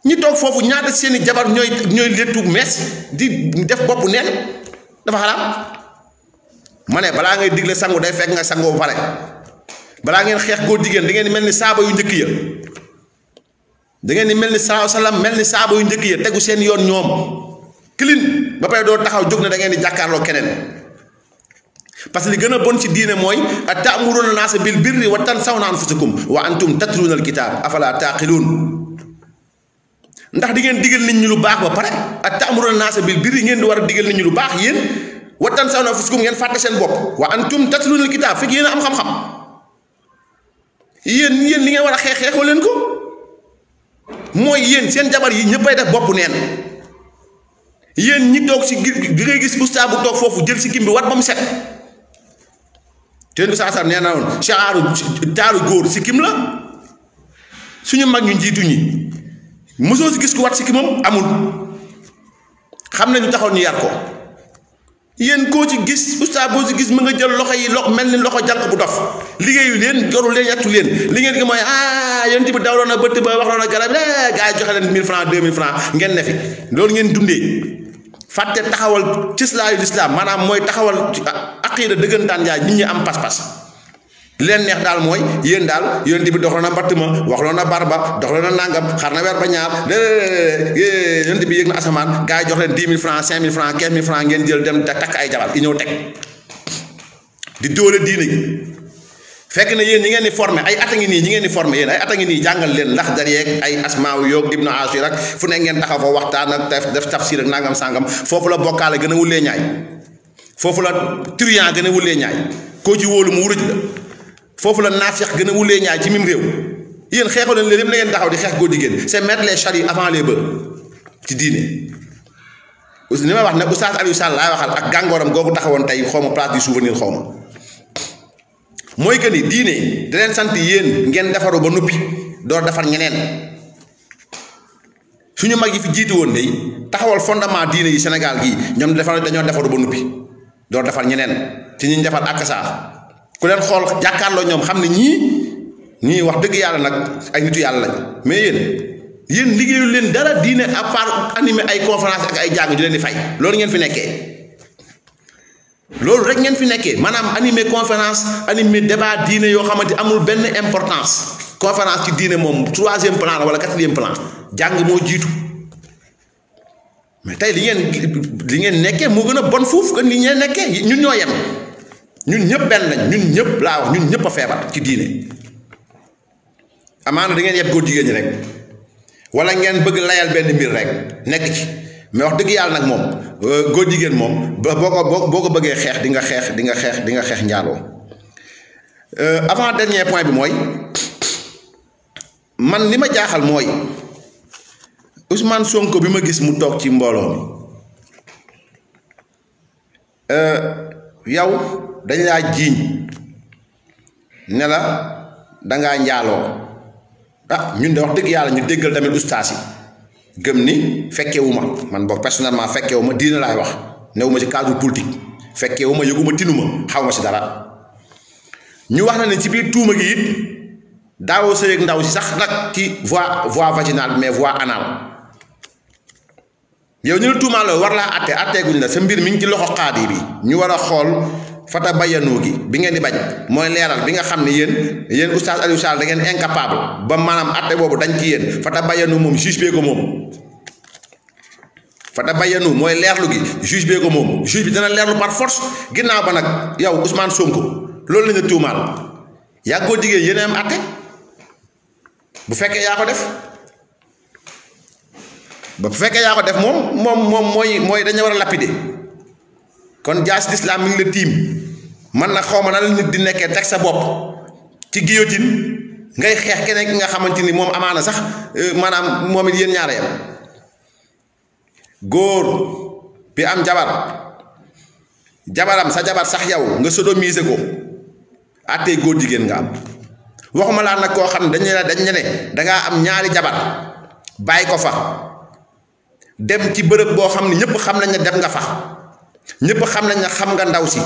ñi tok fofu ñaata seeni jabar ñoy ñoy lettu mees di def bopp neen dafa xaraam mané bala ngay diglé sangu day fekk nga sangu ba pare balaa ngeen xex ko digeen di ngeen melni saaba yu njëkk ya di ngeen ni melni ni alayhi wasallam melni saaba yu njëkk ya teggu seen yoon ñoom clean ba pay do taxaw jóg da ngeen di jakarlo keneen parce que li bon ci diiné moy at taamuruuna nas bil birri wa tansawna anfusakum wa antum al kitab, afala ta'qilun ndax di ngeen digal nit ñi lu baax ba pare ak ta'muruna nasa bil birri ngeen di wara a nit ñi lu baax yéen wa tansawna anfusakum ngeen fàtte seen bop wa antum tatluna alkitab fi ngeen am xam-xam yeen yeen li ngeen wara xex xex walen ko moy yeen seen jabar yi ñeppay def bop neen yeen ñi tok ci gi ngay gis oustaa bu tok fofu jël ci kimbi wat bam set teen sa sa neena won woon chaaru goor ci si kim la suñu mag ñu jitu ñi mosoo si gis ku wat si ki moom amul xam nañu taxoon ñu yar ko yéen koo ci gis oustaz boo ci gis mu nga jël loxo yi lox mel ni loxo jànq bu dof liggéeyu leen joru leen yàttu leen li ngeen di mooy ah yéen bi dawloon na bëtt ba waxloon na garab yi eh, gaa yi joxe leen 1000 francs 2000 francs ngeen ne fi loolu ngeen dundee. fàtte taxawal cislaayu lislaam maanaam mooy taxawal ah, aqida dëggantaan yaay nit ñi am pas-pas len neex dal moy yeen dal yeen dibi doxloon na battement waxloon na barba doxloon na nangam xarna wer ba ñaar de yonent bi yëg na asamaan gars yi jox len 10000 francs 5000 francs quinze francs ngeen jël dem tak ay jabar i tek di doole diine gi fekk na yeen ñi ngeen ni formé ay atangi ni ñi ngeen ni formé yeen ay atangi ni jangal len jàngal ndax dar yeek ay asmaaw yoog ibnu asir ak fu ne ngeen taxafo waxtaan ak def tafsir ak nangam sangam fofu la bokkaale gëna wulé ñaay fofu la triant gëna wulé ñaay ko ci wóolu mu wuruj la Fofu la nafiq gëna wulé wulee ñaay ci mim réew yeen xéxal leen leen la taxaw di xéx góor digeen c'est mettre les avant les bœufs ci us ni ma wax na oustad Aliou Sall la waxal ak gangoram gogu taxawon tay xaw place du souvenir xaw moy mooy ni diine da leen sant yeen ngeen defaru ba noppi do defar ñeneen suñu magi fi jitu won day taxawal fondement diiné yi Sénégal gi ñom defar dañu defaru ba noppi do defar ñeneen ci ñu ak sax ku leen xool jàkkaarloo ñoom xam ne ñii ñii wax dëgg yàlla nag ay nitu yàlla mais yéen yéen liggéeyul leen dara diine à part animé ay conférence ak ay jàng ju leen di fay loolu ngeen fi nekkee loolu rek ngeen fi nekkee maanaam animé conférence animé débat diine yoo xamante amul benn importance conférence ci diine moom troisième plan la wala quatrième plan jàng moo jiitu mais tey li ngeen li ngeen nekkee moo gën a bon fuuf que ni ngeen nekkee ñun ñoo yem. ñun ñëpp benn lañ ñun ñëpp laa wax ñun ñëpp feebar ci diine amaana da ngeen yeb góor jigéen ñi rek wala ngeen bëgg layal benn mbir rek nekk ci mais wax dëgg yàlla nag moom euh, góor jigéen moom boo ko boo ko bëggee xeex dinga xeex di nga xeex di nga xeex njaaloo euh, avant dernier point bi mooy man li ma jaaxal mooy Ousmane Sonko bi ma gis mu toog ci mbooloo mi euh, yow. dañu laa jiiñ ne la dangaa njaaloo ah ñun de wax dëgg yàlla ñu déggal tamit ustaas yi ni fekkewu ma man boog personnellement fekkewu ma diina laay wax newu ma ci cadre politique fekkewu ma yëguma tinuma xaw ma si dara ñu wax na ne ci biir tuuma gi it daawoo sëyeeg ndaw si sax nag ci voie voie vaginale mais voie anale yow ñu la tuumaa war laa atte atteeguñ la sa mbir mi ci loxo xaadi bi ñu war a xool Fata gi bi ngeen di bañ moy leral bi nga xamni yeen yeen oustad Aliou Sall da ngeen incapable ba manam atte bobu dañ ci fata bayanu mom juge be ko fata bayanu moy leerlu gi juge be ko mom juge bi dana leerlu par force ginaaw ba nak yow Ousmane Sonko lolou la nga tuumaal ya ko digge am atte bu fekke ya ko def ba ya ya ko def mom mom mom moy moy dañu war lapider kon jaas lislaam mi ngi tim man na xoma na nit di nekké tek sa bop ci guillotine ngay xex keneen ki nga xamanteni mom amana sax euh, manam momit yeen yéen yam gor bi am jabar jabaram sa jabar sax yaw nga sodomisé ko até góor digeen nga am waxuma la nak ko xam dañ la dañ da nga am ñaari jabar bàyyi ko fa dem ci bërëb bo xamni ñepp xam nañ dem nga fa ñëpp xam nañ ne xam nga ndaw si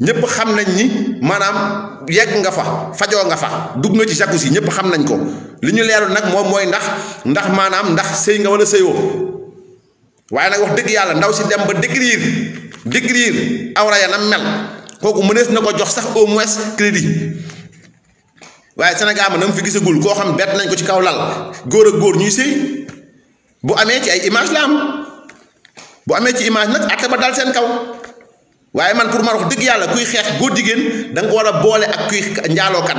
ñëpp xam nañ ni maanaam yegg nga fa fajoo nga fa dugg nga ci si ñëpp xam nañ ko li ñu leeru nag moom mooy ndax ndax maanaam ndax sëy nga wala sëyoo waaye nag wax dëgg yàlla ndaw si dem ba décrire décrire awra ya na mel kooku mënees na ko jox sax au moins crédit waaye Sénégal ma na mu fi gisagul koo xam bett nañ ko ci kaw lal góor ak góor ñuy sëy bu amee ci ay image la am. bu amé ci image nak atte dal sen kaw waye man pour ma wax deug yalla kuy xex go digeen dang ko wara bolé ak kuy kat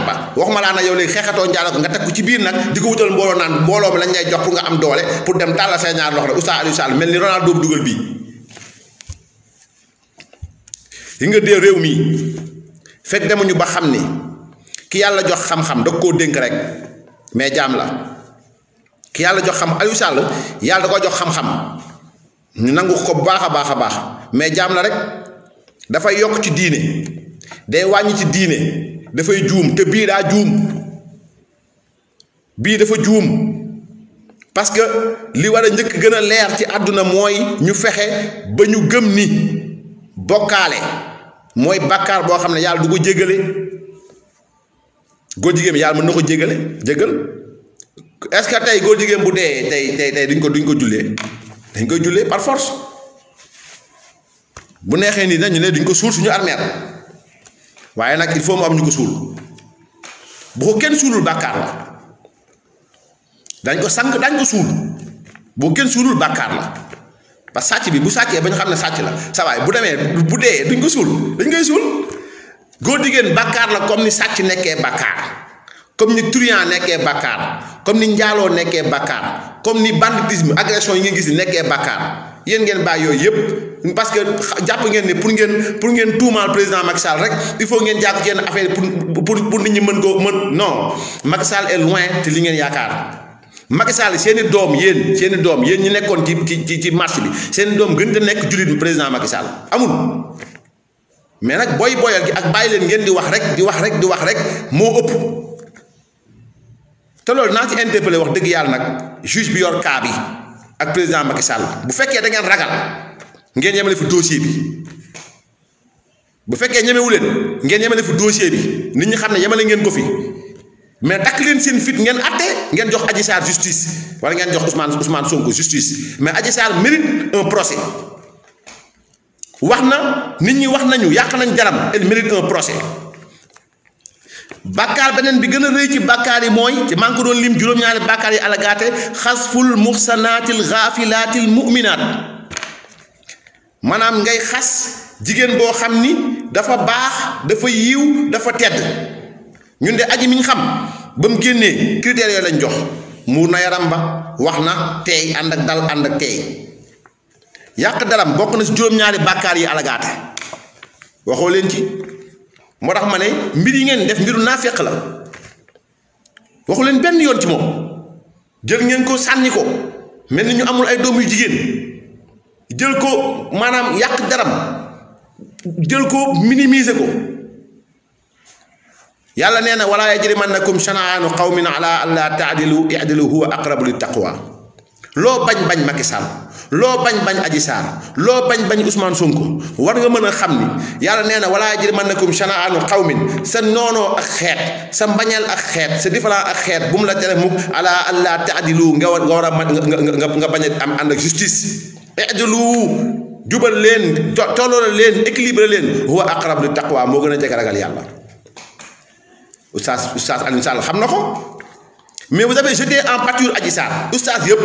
ba waxuma la na yow lay xexato ndialo nga takku ci bir nak digu wutal mbolo nan mbolo mi lañ lay jox pour nga am doole pour dem tala sa ñaar loxo rek Oustaz Aliou Sall melni ni Ronaldo dugal bi yi nga dee réew mii fekk demuñu ba xamni ki yalla jox xam-xam da ko denk rek mais jam la ki yalla jox xam ali Sall yalla da ko jox xam-xam ñu nangu ko baax a baax a baax mais jaam la rek dafay yokk ci diine day wàññi ci diine dafay juum te bii daa juum bii dafa juum parce que li war a njëkk gën a leer ci àdduna mooy ñu fexe ba ñu gëm ni bokkaale mooy bàkkaar boo xam ne yàlla du ko jégale góor jigéen yàlla mën na ko jégale jégal est-ce que tey góor jigéen bu dee tey tey tey duñ ko duñ ko jullee dañ koy jullee par force bu nexé ni dañu né duñ ko sul suñu armée waaye nak il faut mo am ñuko sul bu ko kenn sulul bakkar la dañ ko sank dañ ko sul bu kenn sulul bakkar la ba que bi bu sàccee ba xamné xam la sa way bu démé bu dé duñ ko sul dañ koy sul go bakkar la comme ni sàcc nekkee bakkar comme ni truand nekkee bakkar comme ni bakkar comme ni banditisme agression yi ngeen gis ngeen yëpp parce que les ngeen ne pour ngeen pour ngeen le président Macky Sall rek il faut ngeen jàpp affaire pour pour nit ñi non Macky Sall est loin te li ngeen Macky Sall seen dom ci ci ci marche bi seen dom gën te président Macky Sall mais nak boy, boyal gi ak di wax rek di wax rek di wax te loolu naa ci interpellé wax dëgg yàlla nag juge bi yor cas bi ak président Macky Sall bu fekkee da ngeen ragal ngeen yemale fi dossier bi bu fekkee ñemewu leen ngeen yemale fi dossier bi nit ñi xam ne yemale ngeen ko fi mais takk leen seen fit ngeen atte ngeen jox Adji Sarr justice wala ngeen jox Ousmane Ousmane Sonko justice mais Adji Sarr mérite un procès wax na nit ñi wax nañu yàq nañ jaram elle mérite un procès. bàkkaar beneen bi gën a rëy ci bàkkaar yi mooy te maa ngi ko doon lim juróom-ñaari bàkkaar yi alagaate xasful muxsanaatil xaafilaatil mu'minaat maanaam ngay xas jigéen boo xam ni dafa baax dafa yiw dafa tedd ñun de aji mi ñu xam ba mu génnee critères yooyu lañ jox muur na yaram ba wax na teey ànd ak dal ànd ak teey yàq daram bokk na si juróom-ñaari bàkkaar yi alagaate waxoo leen ci moo tax ma ne mbir yi ngeen def mbiru naafeq la waxuleen benn yoon ci moom jël ngeen ko sànni ko mel na ñu amul ay doom yu jigéen jël ko maanaam yàq daram jël ko minimiser ko yàlla nee na walaa yajrimannakum shana'aanu qawmin ala an laa taadilu i'dilu huwa aqrabu lit taqwa lo bañ bañ Macky Sall lo bañ bañ Adji Sarr lo bañ bañ Ousmane Sonko war nga mëna xamni yalla neena wala jirmanakum na qawmin jirmannakum shanaanu sa noonoo ak xet sa bañal ak xet sa différent ak xet bum la téré mukk ala allah taadilu nga wara nga nga bañ am and ak justice ta'dilu jubal len, tolo len, équilibre len huwa aqrab li taqwa mo gëna jé jege ragal yàlla oustaz oustaz Alioune Sall xamna ko mais vous avez jeté en pâture Adji Sarr oustaz yeb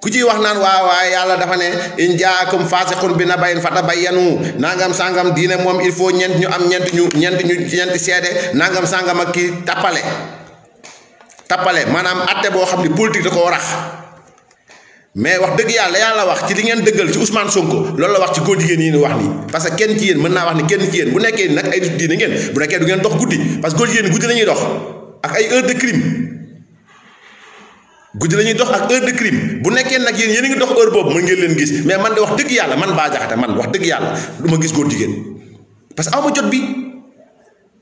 ku ci wax nan wa wa yalla dafa ne in jaakum fasikhun bi nabayin fatabayyanu nangam sangam dine mom il faut ñent ñu am ñent ñu ñent ñu ñent sédé nangam sangam ak tapalé tapalé manam atté bo xamni politique da ko wax mais wax deug yalla yalla wax ci li ngeen deugal ci Ousmane Sonko loolu la wax ci góor jigéen yi ni wax ni parce que kenn ci yeen meuna wax ni kenn ci yeen bu nekké nak ay diine ngeen bu nekké du ngeen dox goudi parce que góor jigéen guddi la dox ak ay heure de crime guddi lañuy dox ak heure de crime bu nekké nak yeen yeen dox heure mën ngeen leen gis mais man de wax deug yalla man ba jaxata man wax deug yalla duma gis goor digeen parce que awma jot bi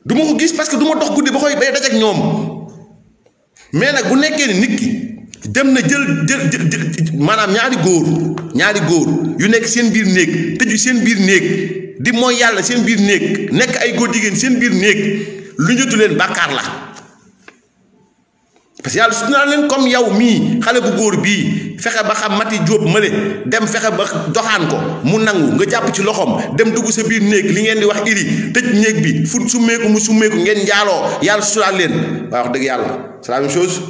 duma ko gis parce que duma dox guddi ba xoy bay dajak ñom mais nak bu nekké ni nit ki dem na jël jël ñaari goor ñaari goor yu nekk seen biir néeg teju seen biir di moy yalla seen biir nekk ay goor digeen seen biir lu parce que suñu su naa comme yaw mi xalé bu góor bi fexé ba xam mati job mële dem fexé ba doxan ko mu nangu nga japp ci loxom dem duggu sa biir neeg li ngeen di wax iri tej neeg bi fu meeku mu meeku ngeen njaaloo yalla sulaal leen waaw wax deug yalla c'est la même chose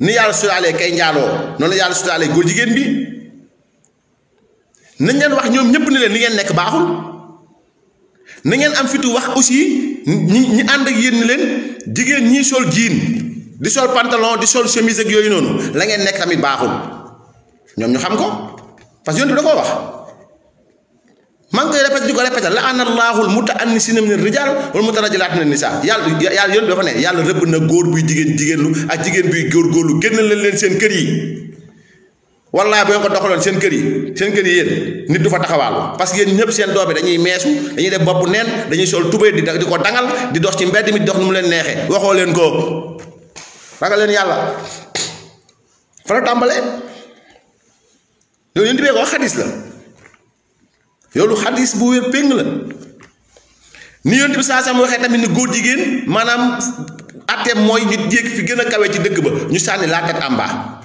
ni yàlla sulaalee kay njaaloo noonu yàlla sulaalee góor jigen bi nañ leen wax ñom ñepp ni len li ngeen nek baaxul nañ ngeen am fitu wax aussi ñi and ak yeen ni len jigen ñi sol jean di sol pantalon di sol chemise ak yooyu noonu la ngeen nek tamit baxul ñom ñu xam ko parce que yonent bi da koo wax man koy répéter di ko répété la ana allahul mutaannisina min rijal wal mutarajilat min nisa yalla yalla yonent bi dafa ne yalla rëbb na bu jigen jigen lu ak jigéen goor góor góorlu génnal leen seen kër yi wallahi bu ko doxalon seen kër yi seen kër yi yeen nit du fa taxawal parce que yeen ñepp seen doobe dañuy mesu dañuy def bop neen dañuy sol tubey di di ko dangal di dox ci mbedd mi dox nu mu leen nexé waxo leen ko ragal leen yàlla fa la tambale loolu yindibe ko hadith xadis la yoolu hadith bu wer peng la ni yindibe sa sam waxe tamit ni góor jigéen maanaam atteem mooy ñu jéeg fi gëna kawé ci dëkk ba ñu sanni la teg amba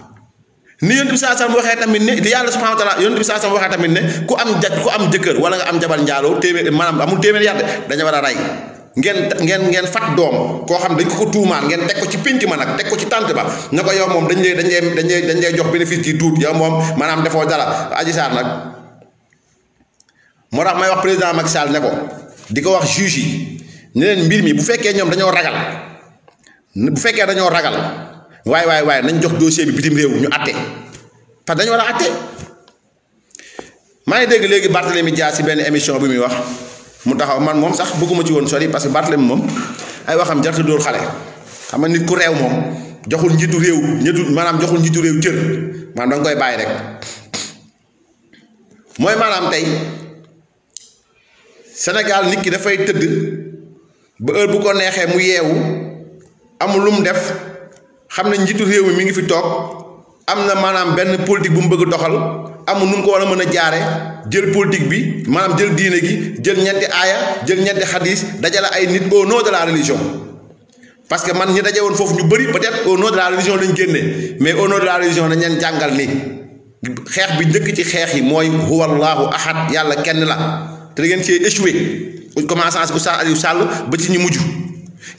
ni yindibe sa sam waxe tamit ne di yàlla subhaanahu wa taala yindibe sa sam waxe tamit ne ku am ja ku am jëkkër wala nga am jabal ndialo téwé manam amul téwé yalla dañu wara ray ngen ngen ngen fat dom ko xam dañ ko ko tuumaan ngeen teg ko ci pénc ma nak tek ko ci tante ba nako yow mom dañ lay dañ lay dañ lay dañ lay jox bénéfice ci tout yow mom manam defo dara aji saar nag moo tax may wax président Macky Sall nako diko wax juge yi ne leen mbir mi bu fekke ñom dañoo ragal bu fekke dañoo ragal way way way nañ jox dossier bi bitim rew ñu atté fa que dañu war a atte dégg légui Barthélémy Dia ci ben émission bu mi wax mu taxaw man moom sax bëgguma ci woon sori parce que Barthélemy moom ay waxam jarta dóor xale xam nga nit ku réew moom joxul njiitu réew ñetu maanaam joxul njiitu réew cër maanaam da nga koy bàyyi rek mooy maanaam tey Sénégal nit ki dafay tëdd ba heure bu ko neexee mu yeewu amul lu mu def xam ne njiitu réew mi mi ngi fi toog am na maanaam benn politique bu mu bëgg doxal amul nu mu ko war a mën a jaare jël politique bi maanaam jël diine gi jël ñetti aaya jël ñetti xadis dajala ay nit au nom de la religion parce que man ñi daje woon foofu ñu bëri peut-être au nom de la religion lañ génnee mais au nom de la religion dañ leen jàngal ni xeex bi njëkk ci xeex yi mooy huwa allahu ahad yàlla kenn la te da ngeen cee échoué commencé ci Oustaz Aliou Sall ba ci ñu mujj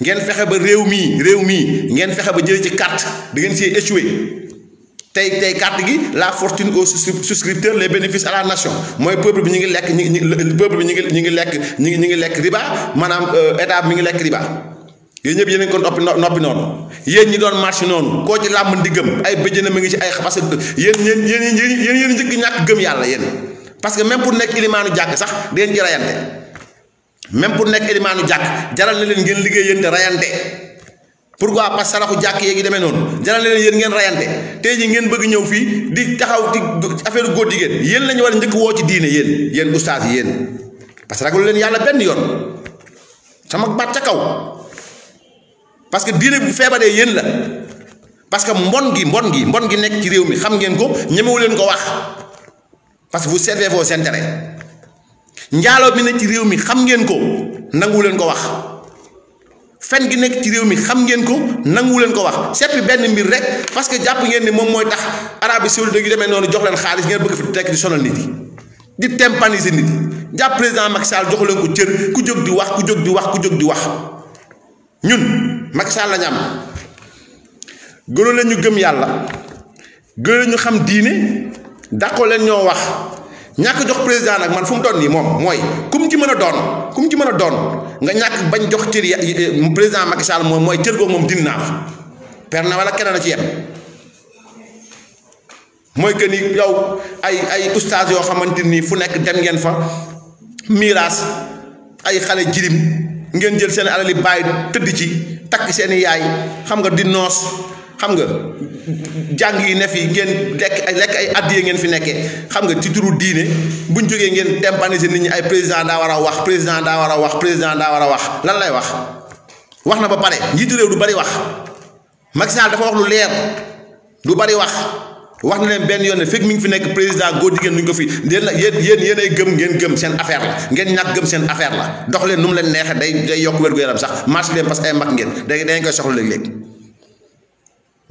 ngeen fexe ba réew mii réew mii ngeen fexe ba jël ci carte da ngeen cee échoué tay tay carte gi la fortune aux souscripteurs les bénéfices à la nation moy peuple bi ñi ngi lekk ñu peuple bi ñi ngi ñi ngi lekk ñi ngi ñu lekk riba manam euh, état mi ngi lekk riba yéen ñëpp yéen ko nopi noppi noonu yéen ñi doon marché non ko ci lamb ndiggam ay bëjjën ma ngi ci ay parce que yéen yéen yéen yéen yéen njëkk ñàkk gëm yàlla yéen parce que même pour nek ilimaanu jàkk sax deen ci rayante même pour nek ilimaanu jàkk jaral na leen ngeen liggéey yéen te rayante pourquoi pas que saraxu jàkk yeegi demee noonu jaral leen yeen ngeen rayante tey ngeen bëgg ñëw fi di taxaw di affaire góor jigéen yeen lañu wara a wo ci diiné yeen yeen oustad yeen parce que leen yalla benn yoon sama baat ca kaw parce que diiné bu feebaree yeen la parce que mbon gi mbon gi mbon gi nekk ci réew mi xam ngeen ko ñemewu leen ko wax parce que vous servez vos intérêts njaaloo bi nekk ci réew mi xam ngeen ko nangu leen ko wax fen gi nekk ci réew mi xam ngeen ko nangu leen ko wax seppi benn mbir rek parce que jàpp ngeen ni moom mooy tax Arabie Saoudite yu deme noonu jox leen xaalis ngeen bëgg fi tekk di sonal nit yi di tempaniser nit yi jàpp président Macky Sall jox leen ko cër ku jóg di wax ku jóg di wax ku jóg di wax ñun Macky Sall lañu am gënoon leen ñu gëm yàlla gënoon leen ñu xam diine dàqoo leen ñoo wax. ñàkk jox président nag man fu mu doon nii moom mooy comme ci mën a doon comme ci mën a doon nga ñàkk bañ jox cër eh, eh, président Macky Sall moom mooy cër googu moom dindi naa ko per na wala keneen a ci yem mooy que ni yow ay ay ustaas yoo xamante nii fu nekk dem ngeen fa miiras ay xale jirim ngeen jël seen alali bàyyi tëdd ci takk seeni yaay xam nga di xam nga jàng yi ne fi ngeen lekk ay lekk ay addiye ngeen fi nekkee xam nga ci turu diine buñ jógee ngeen tympaniser nit ñi ay président daa war a wax président daa war a wax président daa war a wax lan lay wax wax na ba pare njiitu lu bari wax Macky Sall dafa wax lu leer lu bari wax wax na leen benn yoon ne fekk mi fi nekk président góor jigéen duñ ko fi yéen yéen yéen gëm ngeen gëm seen affaire la ngeen ñàkk gëm seen affaire la dox leen nu mu leen neexee day day yokk wér leen parce que ay mag ngeen da ngeen koy soxla léeg-léeg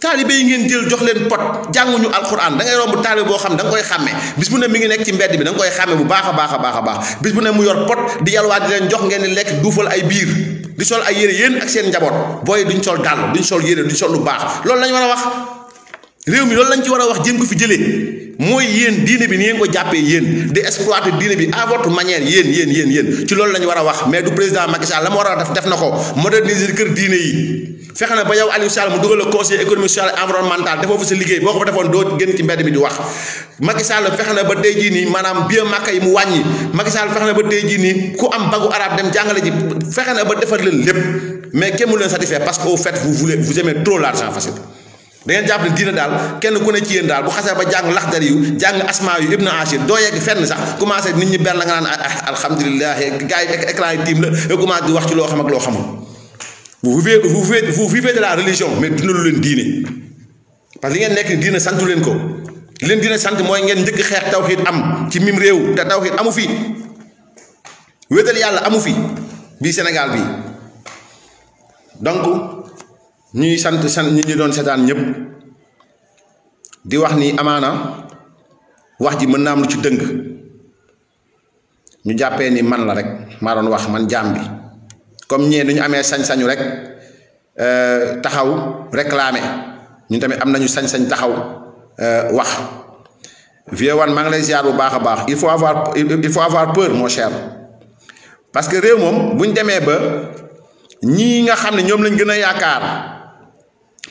taalibe yi ngeen jël jox leen pot jànguñu alxuraan da ngay romb taalibe boo xam ne nga koy xàmme bis bu ne mi ngi nekk ci mbedd bi da koy xàmme bu baax a baax a baax a baax bis bu ne mu yor pot di yalwaa di leen jox ngeen di lekk duufal ay biir di sol ay yére yéen ak seen njaboot booy duñ sol dàll duñ sol yére duñ sol lu baax loolu lañ war a wax réew mi loolu lañ ci war a wax jéem ko fi jëlee mooy yéen diine bi ni ngeen ko jàppee yéen di exploiter diine bi à votre manière yéen yéen yéen yéen ci loolu lañ war a wax mais du président Macky Sall war a def def na ko moderniser kër fexe na ba yow Aliou Sall mu dugal la conseil économique social environnemental defo fa sa liggéey boko fa defon do gën ci mbéd bi di wax Macky Sall fexe na ba tey jii nii maanaam bien makay mu wañi Macky Sall fexe na ba tey jii nii ku am bagu arab dem jangale ji fexe na ba defal leen lepp mais kemu leen satisfaire parce que au fait vous voulez vous aimez trop l'argent facile da ngeen jàpp diina dal kenn ku ne ci yeen dal bu xasse ba jàng laxdar yu jang asma yu ibnu asir do yegg fenn sax commencé nit ñi benn nga nan alhamdullilah gaay yi écran yi tiim la commencé di wax ci lo xam ak lo xamul vous vivez vous vivez vous vivez de la religion mais dundalu leen diine parce que li ngeen nekk diine santu leen ko li leen diine sant mooy ngeen njëkk xeex tawxiid am ci mim réew te tawxiid amu fi wéetal yàlla amu fi bii Sénégal bi donc ñuy sant sant ñi ñu doon seetaan ñëpp di wax ni amana wax ji mën naa am lu ci dëng ñu jàppee ni man la rek maa doon wax man jaam comme ñe duñu amé sañ-sañu rek euh taxaw réclamer ñun tamit amnañu sañ-sañ taxaw euh wax vieux wan ma ngi lay ziar bu baaxa baax il faut avoir il faut avoir peur mon cher parce que réew mom buñ démé ba ñi nga xamné ñom lañu gëna yaakar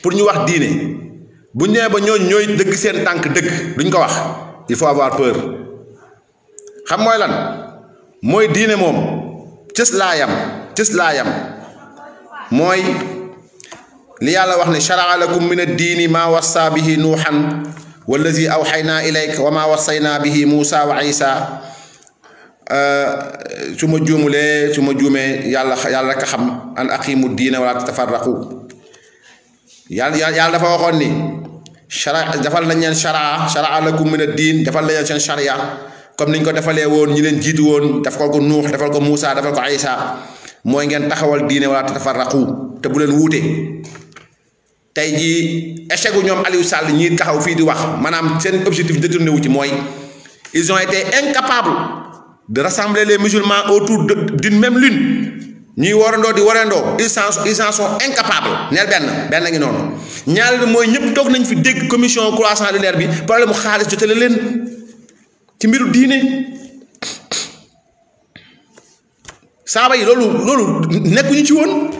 pour ñu wax diiné buñ né ba ñooñu ñoy dëgg seen tank dëgg duñ ko wax il faut avoir peur xam moy lan moy diiné mom moom la yam cëslaayam mooy li yàlla wax ne sharaa lakum min addiini maa wassa bihi nuuxan wallazi awxaynaa ilayk wa maa wassaynaa bihi muusa wa isa su ma juumulee su ma juumee yàlla yàlla rek a xam an aqimu diina wala tafarraqu yàlla yàlla dafa waxoon ni shara defal nañ leen sharaa sharaa lakum min addiin defal nañ leen seen sharia comme niñ ko defalee woon ñi leen jiitu woon daf ko ko nuux defal ko muusa defal ko isa mooy ngeen taxawal diine wala tafarraqu te bu leen wuute tey ji échec ñoom Aliou Sall ñii taxaw fii di wax maanaam seen objectif détourné wu ci mooy ils ont été incapables de rassembler les musulmans autour d'une même lune ñuy warandoo di warandoo ils sont ils sont incapables neel benn benn ngi noonu ñaareel bi mooy ñëpp toog nañ fi dégg commission croissant lunaire bi problème mu xaalis jotale leen ci mbiru diine. saaba yi loolu loolu nekkuñu ci woon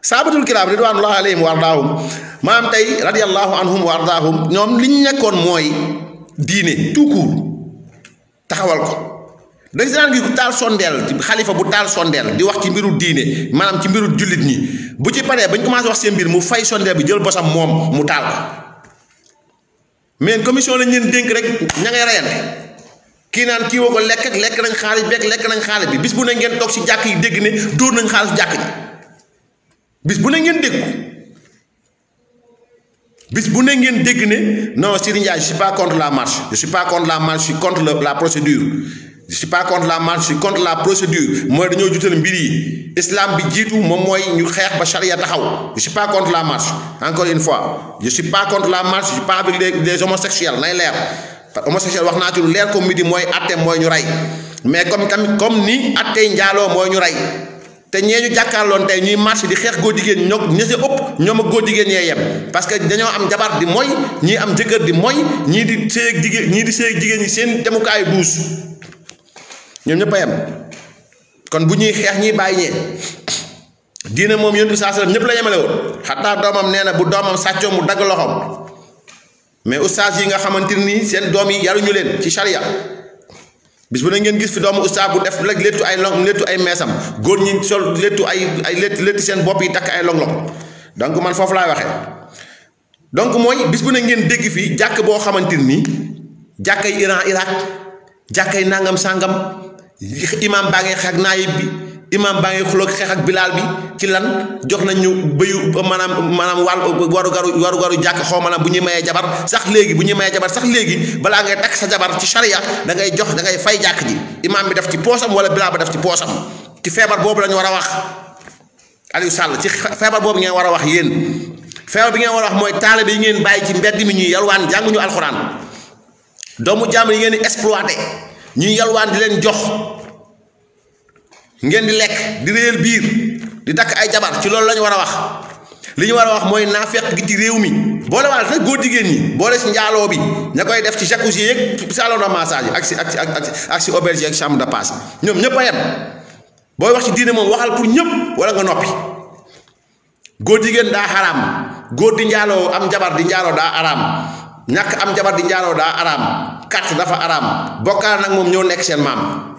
saabatul kiraam ridwaanullah alayhim wa ardaahum maam tey radiyallahu anhum wa ardaahum ñoom li ñu nekkoon mooy diine tout taxawal ko dañ si daan ngi taal sondeel xalifa bu taal sondeel di wax ci mbiru diine maanaam ci mbiru jullit ñi bu ci paree bañ commencé wax seen mbir mu fay sondeel bi jël bosam moom mu taal ko mais commission lañ leen dénk rek ña ngay ki naan kii woo ko lekk ak lekk nañ xaalis bi ak lekk nañ xaalis bi bis bu ne ngeen toog si jàkk yi dégg ne dóor nañ xaalis jàkk ji bis bu ne ngeen dégg bis bu ne ngeen dégg ne non Serigne Ndiaye je suis pas contre la marche je suis pas contre la marche je suis contre la procédure je suis pas contre la marche je suis contre la procédure mooy dañoo jutal mbir yi islam bi jiitu moom mooy ñu xeex ba charia taxaw je suis pas contre la marche encore une fois je suis pas contre la marche je suis pas avec des homosexuels nay leer parce que homosexuel wax naa ci lu leer comme midi mooy atte mooy ñu rey mais comme tamit comme ni attey njaaloo mooy ñu rey te ñee ñu jàkkaarloon tey ñuy marché di xeex koo jigéen ñoo ña si ëpp ñoom ak góor jigéen ñee yem parce que dañoo am jabar di mooy ñii am jëkkër di mooy ñii di séeg jigéen ñii di séeg jigéen ñi seen demukaayu duus ñoom ñëpp a yem kon bu ñuy xeex ñiy bàyyi ñee diine moom yonent bi saa sallam ñëpp la yemale woon xataa doomam nee na bu doomam sàccoo mu dagg loxoom mais oustaz yi nga xamanteni ni seen doom yi ñu leen ci sharia bis bu ne ngeen gis fi doomu oustaz bu def rek lettu ay long lettu ay mesam goor ñi sol lettu ay ay lettu lettu sen bop yi tak ay long long donc man fofu laay waxe donc moy bis bu ne ngeen deg fi jakk bo xamanteni ni Iran Irak jakkay nangam sangam imam baa ngi xag bi imaam baa ngi xuloo xeex ak bilaal bi ci lan jox nañ ñu bëyu maanaam maanaam wàll waru garu waru garu jàkk xaw maanaam bu ñuy mayee jabar sax léegi bu ñuy mayee jabar sax léegi balaa ngay takk sa jabar ci charia da ngay jox da ngay fay jàkk ji imaam bi def ci poosam wala bilaal ba def ci poosam ci feebar boobu lañu war a wax Aliou Sall ci feebar boobu ngeen war a wax yéen feebar bi ngeen war wax mooy taalibe yi ngeen bàyyi ci mbedd mi ñuy yalwaan jànguñu alxuraan doomu jàmm yi ngeen di exploité ñuy yalwaan di leen jox ngeen di lek di reel biir di tak ay jabar ci loolu lañu wara wax liñu wara wax moy nafiq gi ci rewmi bo la waal nag go digeen ni bo les ndialo bi ñakoy def ci jacuzzi yeeg salon de massage ak ci ak ci ak ci ak si auberge ak chambre de passe ñom ñepp a boy wax ci diine mom waxal pour ñepp wala nga nopi go digeen da haram go di ndialo am jabar di ndialo da haram ñak am jabar di ndialo da haram kat dafa haram bokkaal nak mom ñoo nek seen mam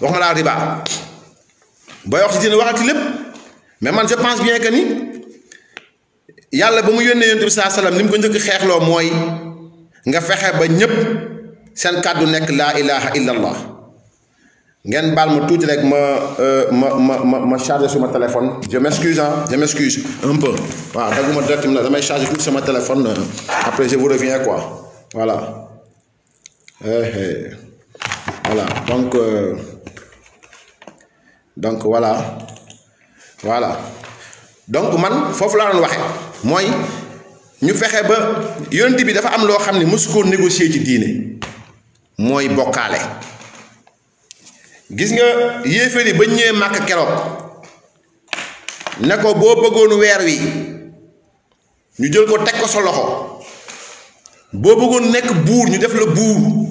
wax nga laa riba mais moi, je pense bien que ni yàlla ba mu yónnee yonent ko moy nga ba là sen kaddu nek la ilaha illa allah ma rek ma euh, téléphone. je m'excuse hein je m'excuse un peu voilà daguma direct na damay chargé sur téléphone euh, après je vous reviens quoi voilà eh, eh. voilà donc. Euh, donc voilà voilà donc man fofu la doon waxe moy ñu fexé ba yoonte bi dafa am lo xamni ne négocier ci diiné moy bokalé gis nga yéefar ba ñëwee mak kérok nako bo boo bëggoon weer wi ñu jël ko tek ko so loxo bo bëggoon nek bour ñu def le bour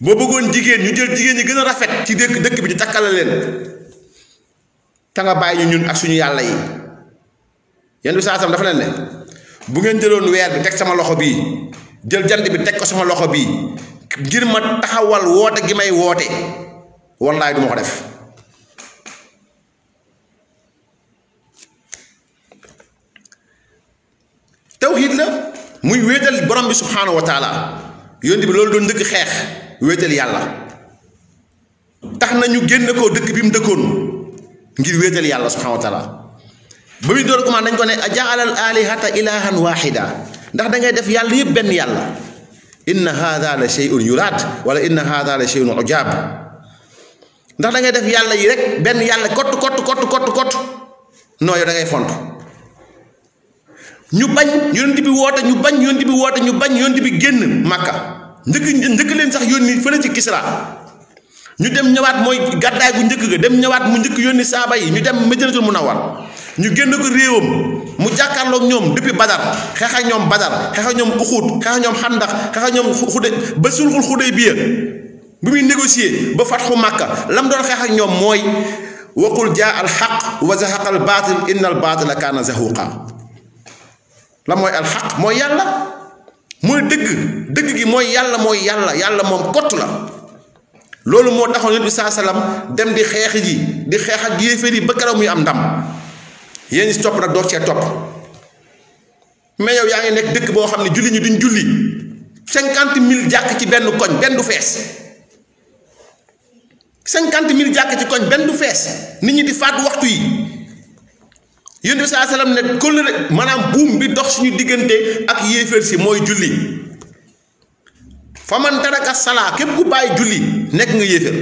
bo bëggoon jigéen ñu jël jigéen ñi gën a rafet ci dëkk dëkk bi di takkala leen ta nga bàyyi ñun ak suñu yàlla yi yéen saa sam dafa leen ne bu ngeen jëloon weer bi teg sama loxo bii jël jant bi teg ko sama loxo bii ngir ma taxawal woote gi may woote wallaay du ma ko def tawhid la muy wéetal borom bi subhanahu wa taala yonent bi loolu doon dëgg xeex wétal yalla tax na ñu génn ko dëkk bi mu dëkkoon ngir wétal yalla subhanahu wa taala ba muy door ma dañ ko ne al alihata ilahan wahida ndax da ngay def yalla yëpp ben yalla inna hadha la shay'un yurad wala inna hadha la shay'un ujab ndax da ngay def yalla yi rek ben yalla kott kott kott kott kott noo yow da ngay font ñu bañ yonent bi wota ñu bañ yonent bi wota ñu bañ yonent bi genn njëkk njëkk leen sax yónni fële ci Kisra ñu dem ñëwaat mooy gàddaay bu njëkk ga dem ñëwaat mu njëkk yónni saaba yi ñu dem ma Madinatul Munawwar ñu génn ko réewam mu jàkkaarloog ñoom depuis Badar xeex ak ñoom Badar xeex ak ñoom Uxud xeex ak ñoom Xandax xeex ak ñoom xude ba sulxul Xudaybiya bi muy négocier ba fatxu Màkka lam doon xeex ak ñoom mooy waqul jaa al xaq wa zahaqa al baatil inna al baatila mooy al xaq mooy yàlla. moy deug deug gi moy yalla moy yalla yalla mom kott la lolou mo taxoon yonent bi dem di xeex ji di xex ak yeferi yi ba keroog muy am ndam yeen stop topp do ci top topp mais yow yaangi nek nekk bo xamni julli ñu duñ julli 50000 mille ci benn koñ benn du fess 50000 mille ci koñ benn du fess nit ñi di faat waxtu yi yonent bi ne kóllëre manam boom bi dox suñu digënté ak yéfer ci moy julli fa man taraka salaa képp ku bàyyi julli nek nga yéfer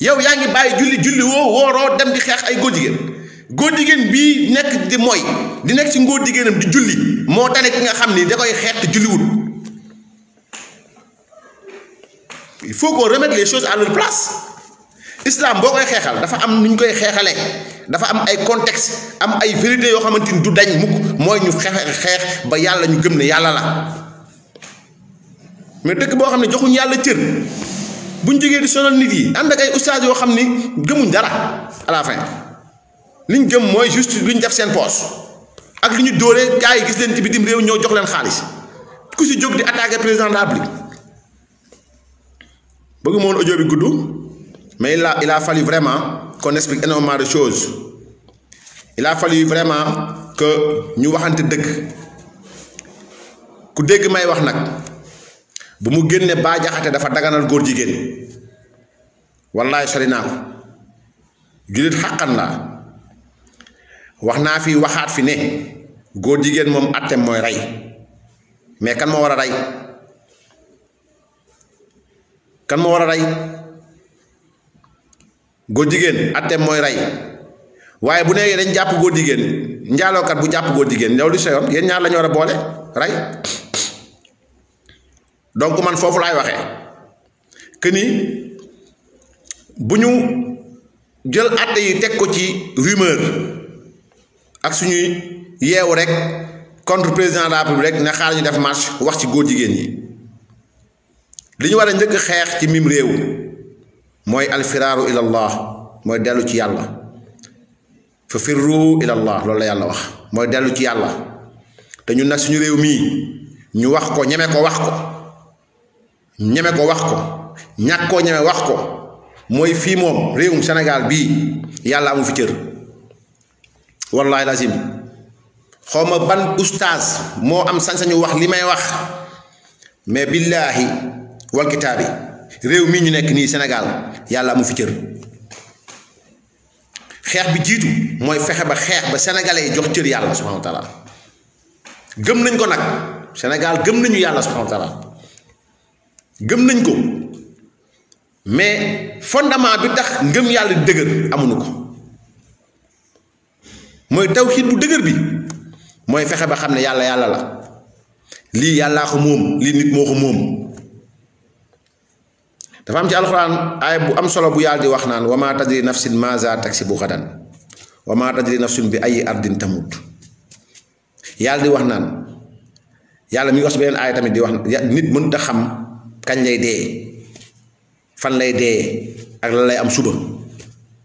yow yaa ngi bàyyi julli julli wo wooroo dem di xeex ay góor jigéen bi nek di moy di nek ci ngóor jigéenam di julli mo tane ki nga xamni da koy xeex julli wul il faut qu'on remette les choses à leur place islam bokoy koy xeexal dafa am nu koy xeexalee dafa am ay contexte am ay vérité yo xamanteni du dañ mukk moy ñu xeex xex ba yalla ñu gëm ne yalla la mais dëkk bo xamni ne joxuñ yalla cër buñ jógee di sonal nit yi and ak ay oustad yo xamni ni gëmuñ dara à la fin liñ gëm moy juste luñ def sen poste ak liñu ñu gaay gars yi gis leen ci bitim réew ñoo jox leen xaalis ku ci jog di attaquer président de la République bëggu moon audio bi gudd mais il a il a fallu vraiment qu'on explique énormément de choses il fal fallu vraiment que ñu waxante dëgg ku dégg may wax nag bu mu génne Bah Diakhaté dafa daganal góor jigéen wallaay sori naa ko jullit xàqan wax naa fi waxaat fi ne góor jigéen moom attem mooy rey mais kan moo war a rey kan moo war a rey góor jigéen atteem mooy rey waaye bu nee dañ jàpp góor jigéen njaalookat bu jàpp góor jigéen loolu sa yoon yéen ñaar la ñu war a boole rey donc man foofu laay waxee que ni bu ñu jël atte yi teg ko ci rumeur ak suñuy yeewu rek contre président de la République rek ne xaar ñu def marche wax ci góor jigéen yi li ñu war a njëkk xeex ci mim réew mooy alfiraaru ilallah mooy dellu ci yàlla fa firru ilallah loolu la yàlla wax mooy dellu ci yàlla te ñun nag suñu réew mii ñu wax ko ñeme ko wax ko ñeme ko wax ko ñàkk koo ñeme wax ko mooy fii moom réewum Sénégal bii yàlla amu fi cër wallahi lazim xawma ban ustaas mo am sañ-sañu wax li may wax mais billahi wal kitaabi réew mi ñu nekk nii Sénégal yàlla mu fi cër xeex bi jiitu mooy fexe ba xeex ba sénégalais yi jox cër yàlla subhanahu wa taala gëm nañ ko nag Sénégal gëm nañu yàlla subhanahu wa taala gëm nañ ko mais fondement bi tax ngëm yàlla dëgër amuñu ko mooy tawxiid bu dëgër bi mooy fexe ba xam ne yàlla yàlla la lii yàllaa ko moom lii nit moo ko moom dafa am ci alquran ay bu am solo bu yal di wax nan wa ma tadri nafsin maza taksibu xadan wa ma tadri nafsin bi ayi ardin tamut yal di wax nan yalla mi wax benen ay tamit di wax nit ta xam kagn lay dee fan lay dee ak la lay am suba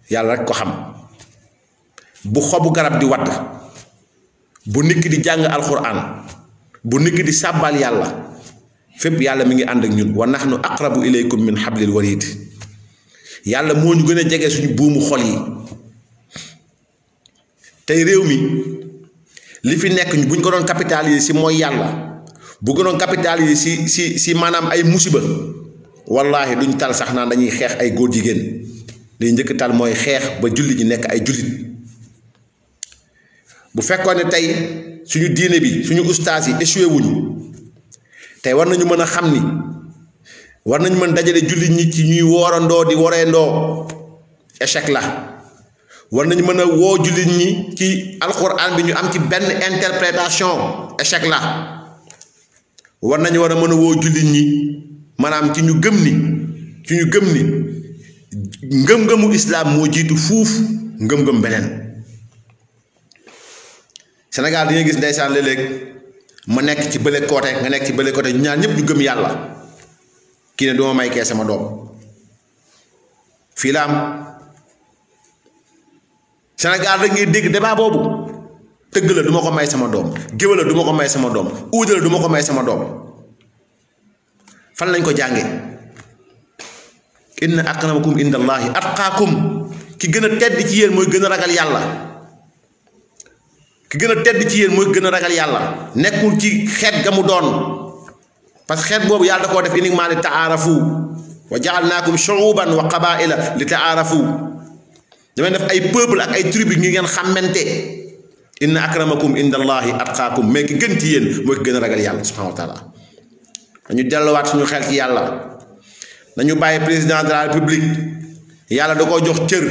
yalla rek ko xam bu xobu garab di wadd bu nit ki di jang alquran bu nit di sabbal yalla fépp yàlla mu ngi ànd ak ñun wa nahnu aqrabu ilaykum min hablil warid yàlla moo ñu gën a jege suñu buumu xol yi tey réew mi li fi nekk ñu bu ñu ko doon capitaliser si mooy yàlla bu ko doon capitaliser si si si maanaam ay musiba wallaahi duñ tal sax naa dañuy xeex ay góor jigéen li njëkk tal mooy xeex ba julli ji nekk ay jullit bu fekkoon ne tey suñu diine bi suñu ustaas yi échoué wuñu tay war nañu mëna xamni war nañu mëna dajale julli ñi ci ñuy worando di worendo échec la war nañu mëna wo julli jullit ñi ci alcorane bi ñu am ci ben interprétation échec la war nañu wara mëna wo julli ñi ci ñu gëm ni ci ñu gëm ni ngëm-ngëmu islam mo jitu fuf ngëm-ngëm benen senegal di nga gis ndaysan leleg ma nekk ci bële côté nga nekk ci bële côté ñaan ñëpp ñu gëm yàlla kii ne duma may kee sama doom fii la am dégg débat boobu tëgg la duma ko may sama doom géwél la du ko may sama doom uude la du ko may sama doom fan lañ ko jànge inna akramakum indallahi atqaakum ki gën a tedd ci yéen mooy gën a ragal yàlla ki gën a tedd ci yéen mooy gën a ragal yàlla nekkul ci xeet ga mu doon parce que xeet boobu yàlla da koo def uniquement li taarafu wa jaalnaakum shuuban wa qabaila li taarafu damay def ay peuple ak ay tribu ngi ngeen xàmmante inna akramakum inda allahi atqaakum mais ki gën ci yéen mooy ki gën a ragal yàlla subhanahu wa a dañu delluwaat suñu xel ci yàlla nañu bàyyi président de la république yàlla da koo jox cër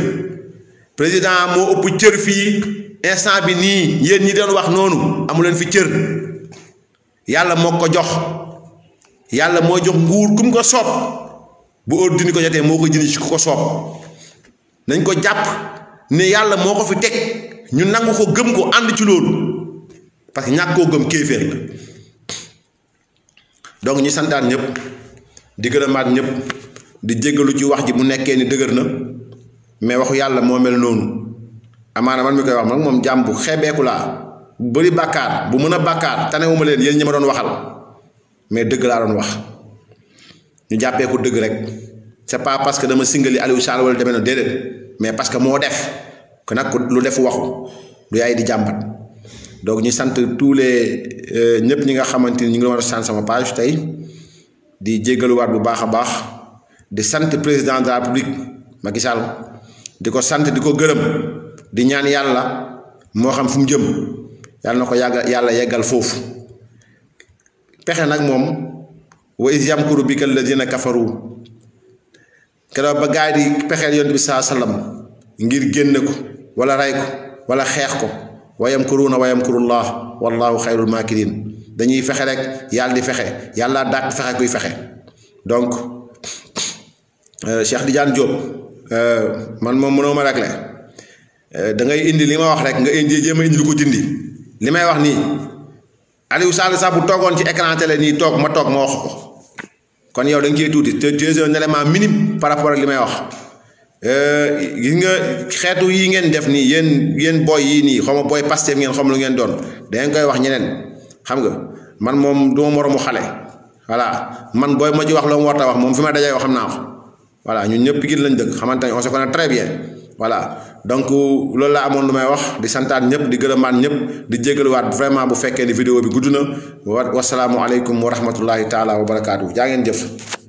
président moo ëpp cër fii instant bi ni yeen ñi doon wax nonu amu leen fi cër yalla moko ko jox yalla mo jox nguur kum ko sop bu óor duni ko jotee moko jini ci ko sop nañ ko japp ne yalla moko ko fi tek ñu nang ko gëm ko and ci lool parce que ko koo gëm kéeféer la donc ñu santane ñep di gërëmaat ñep di jéggelu ci wax ji mu nekké ni dëgër na mais waxu yalla mo mel nonu amana man mi koy wax nag mom jambu bu la beuri bakar bu meuna bakar bàkkaar tanewuma len yeen ñima doon waxal mais deug la doon wax ñu jappé ko deug rek c'est pas parce que dama singali Aliou Sall wala demee na mais parce que mo def ko nak lu def waxu du yaay di jambat donc ñi sante tous les euh, ñepp ñi nga xamanteni ñi nga wara sante sama page tay di wat bu baaxa baax di sante président de la république Macky Sall diko sante diko gëreum di ñaan yàlla mo xam fu mu jëm yàlla nako ko yàlla yegal fofu pexe nak mom wa iz yamkuru bika alladhina kafaru kala ba gaay di pexé yonent bi saa sallam ngir genné ko wala ray ko wala xex ko wa yamkuruuna wa yamkurullah wallahu khairul makirin dañuy fexe rek yàlla di fexe yàlla daak fexe kuy fexe donc Cheikh Tidiane Diop euh man mom mënoma rek régler Eh, da ngay indi li ma wax rek nga indi jema indi lu ko dindi li may wax ni Aliou Sall sa bu togon ci écran télé ni tok ma tok ma wax ko kon yow da ngay cee te tu heures un élément minime par rapport ak li may wax eh, gis nga xeetu yi ngeen def ni yéen yéen boy yi ni xoma boy Pastef ngeen xom lu ngeen doon da ngay koy wax ñeneen xam nga man mom do ma moromu xale voilà man boy ma ci wax lo mo warta wax mom fima dajay wax xamna wax ko voilà ñun ñepp gi lañ deug xamantani on se connaît très bien voilà donc loolu la amoon lu may wax di santaat ñëpp di gërëmaan ñëpp di jégaluwaat vraiment bu fekkee ni vidéo bi gudd na wa wasalaamualeykum wa rahmatullahi taala wa barakaatu jaa ngeen jëf.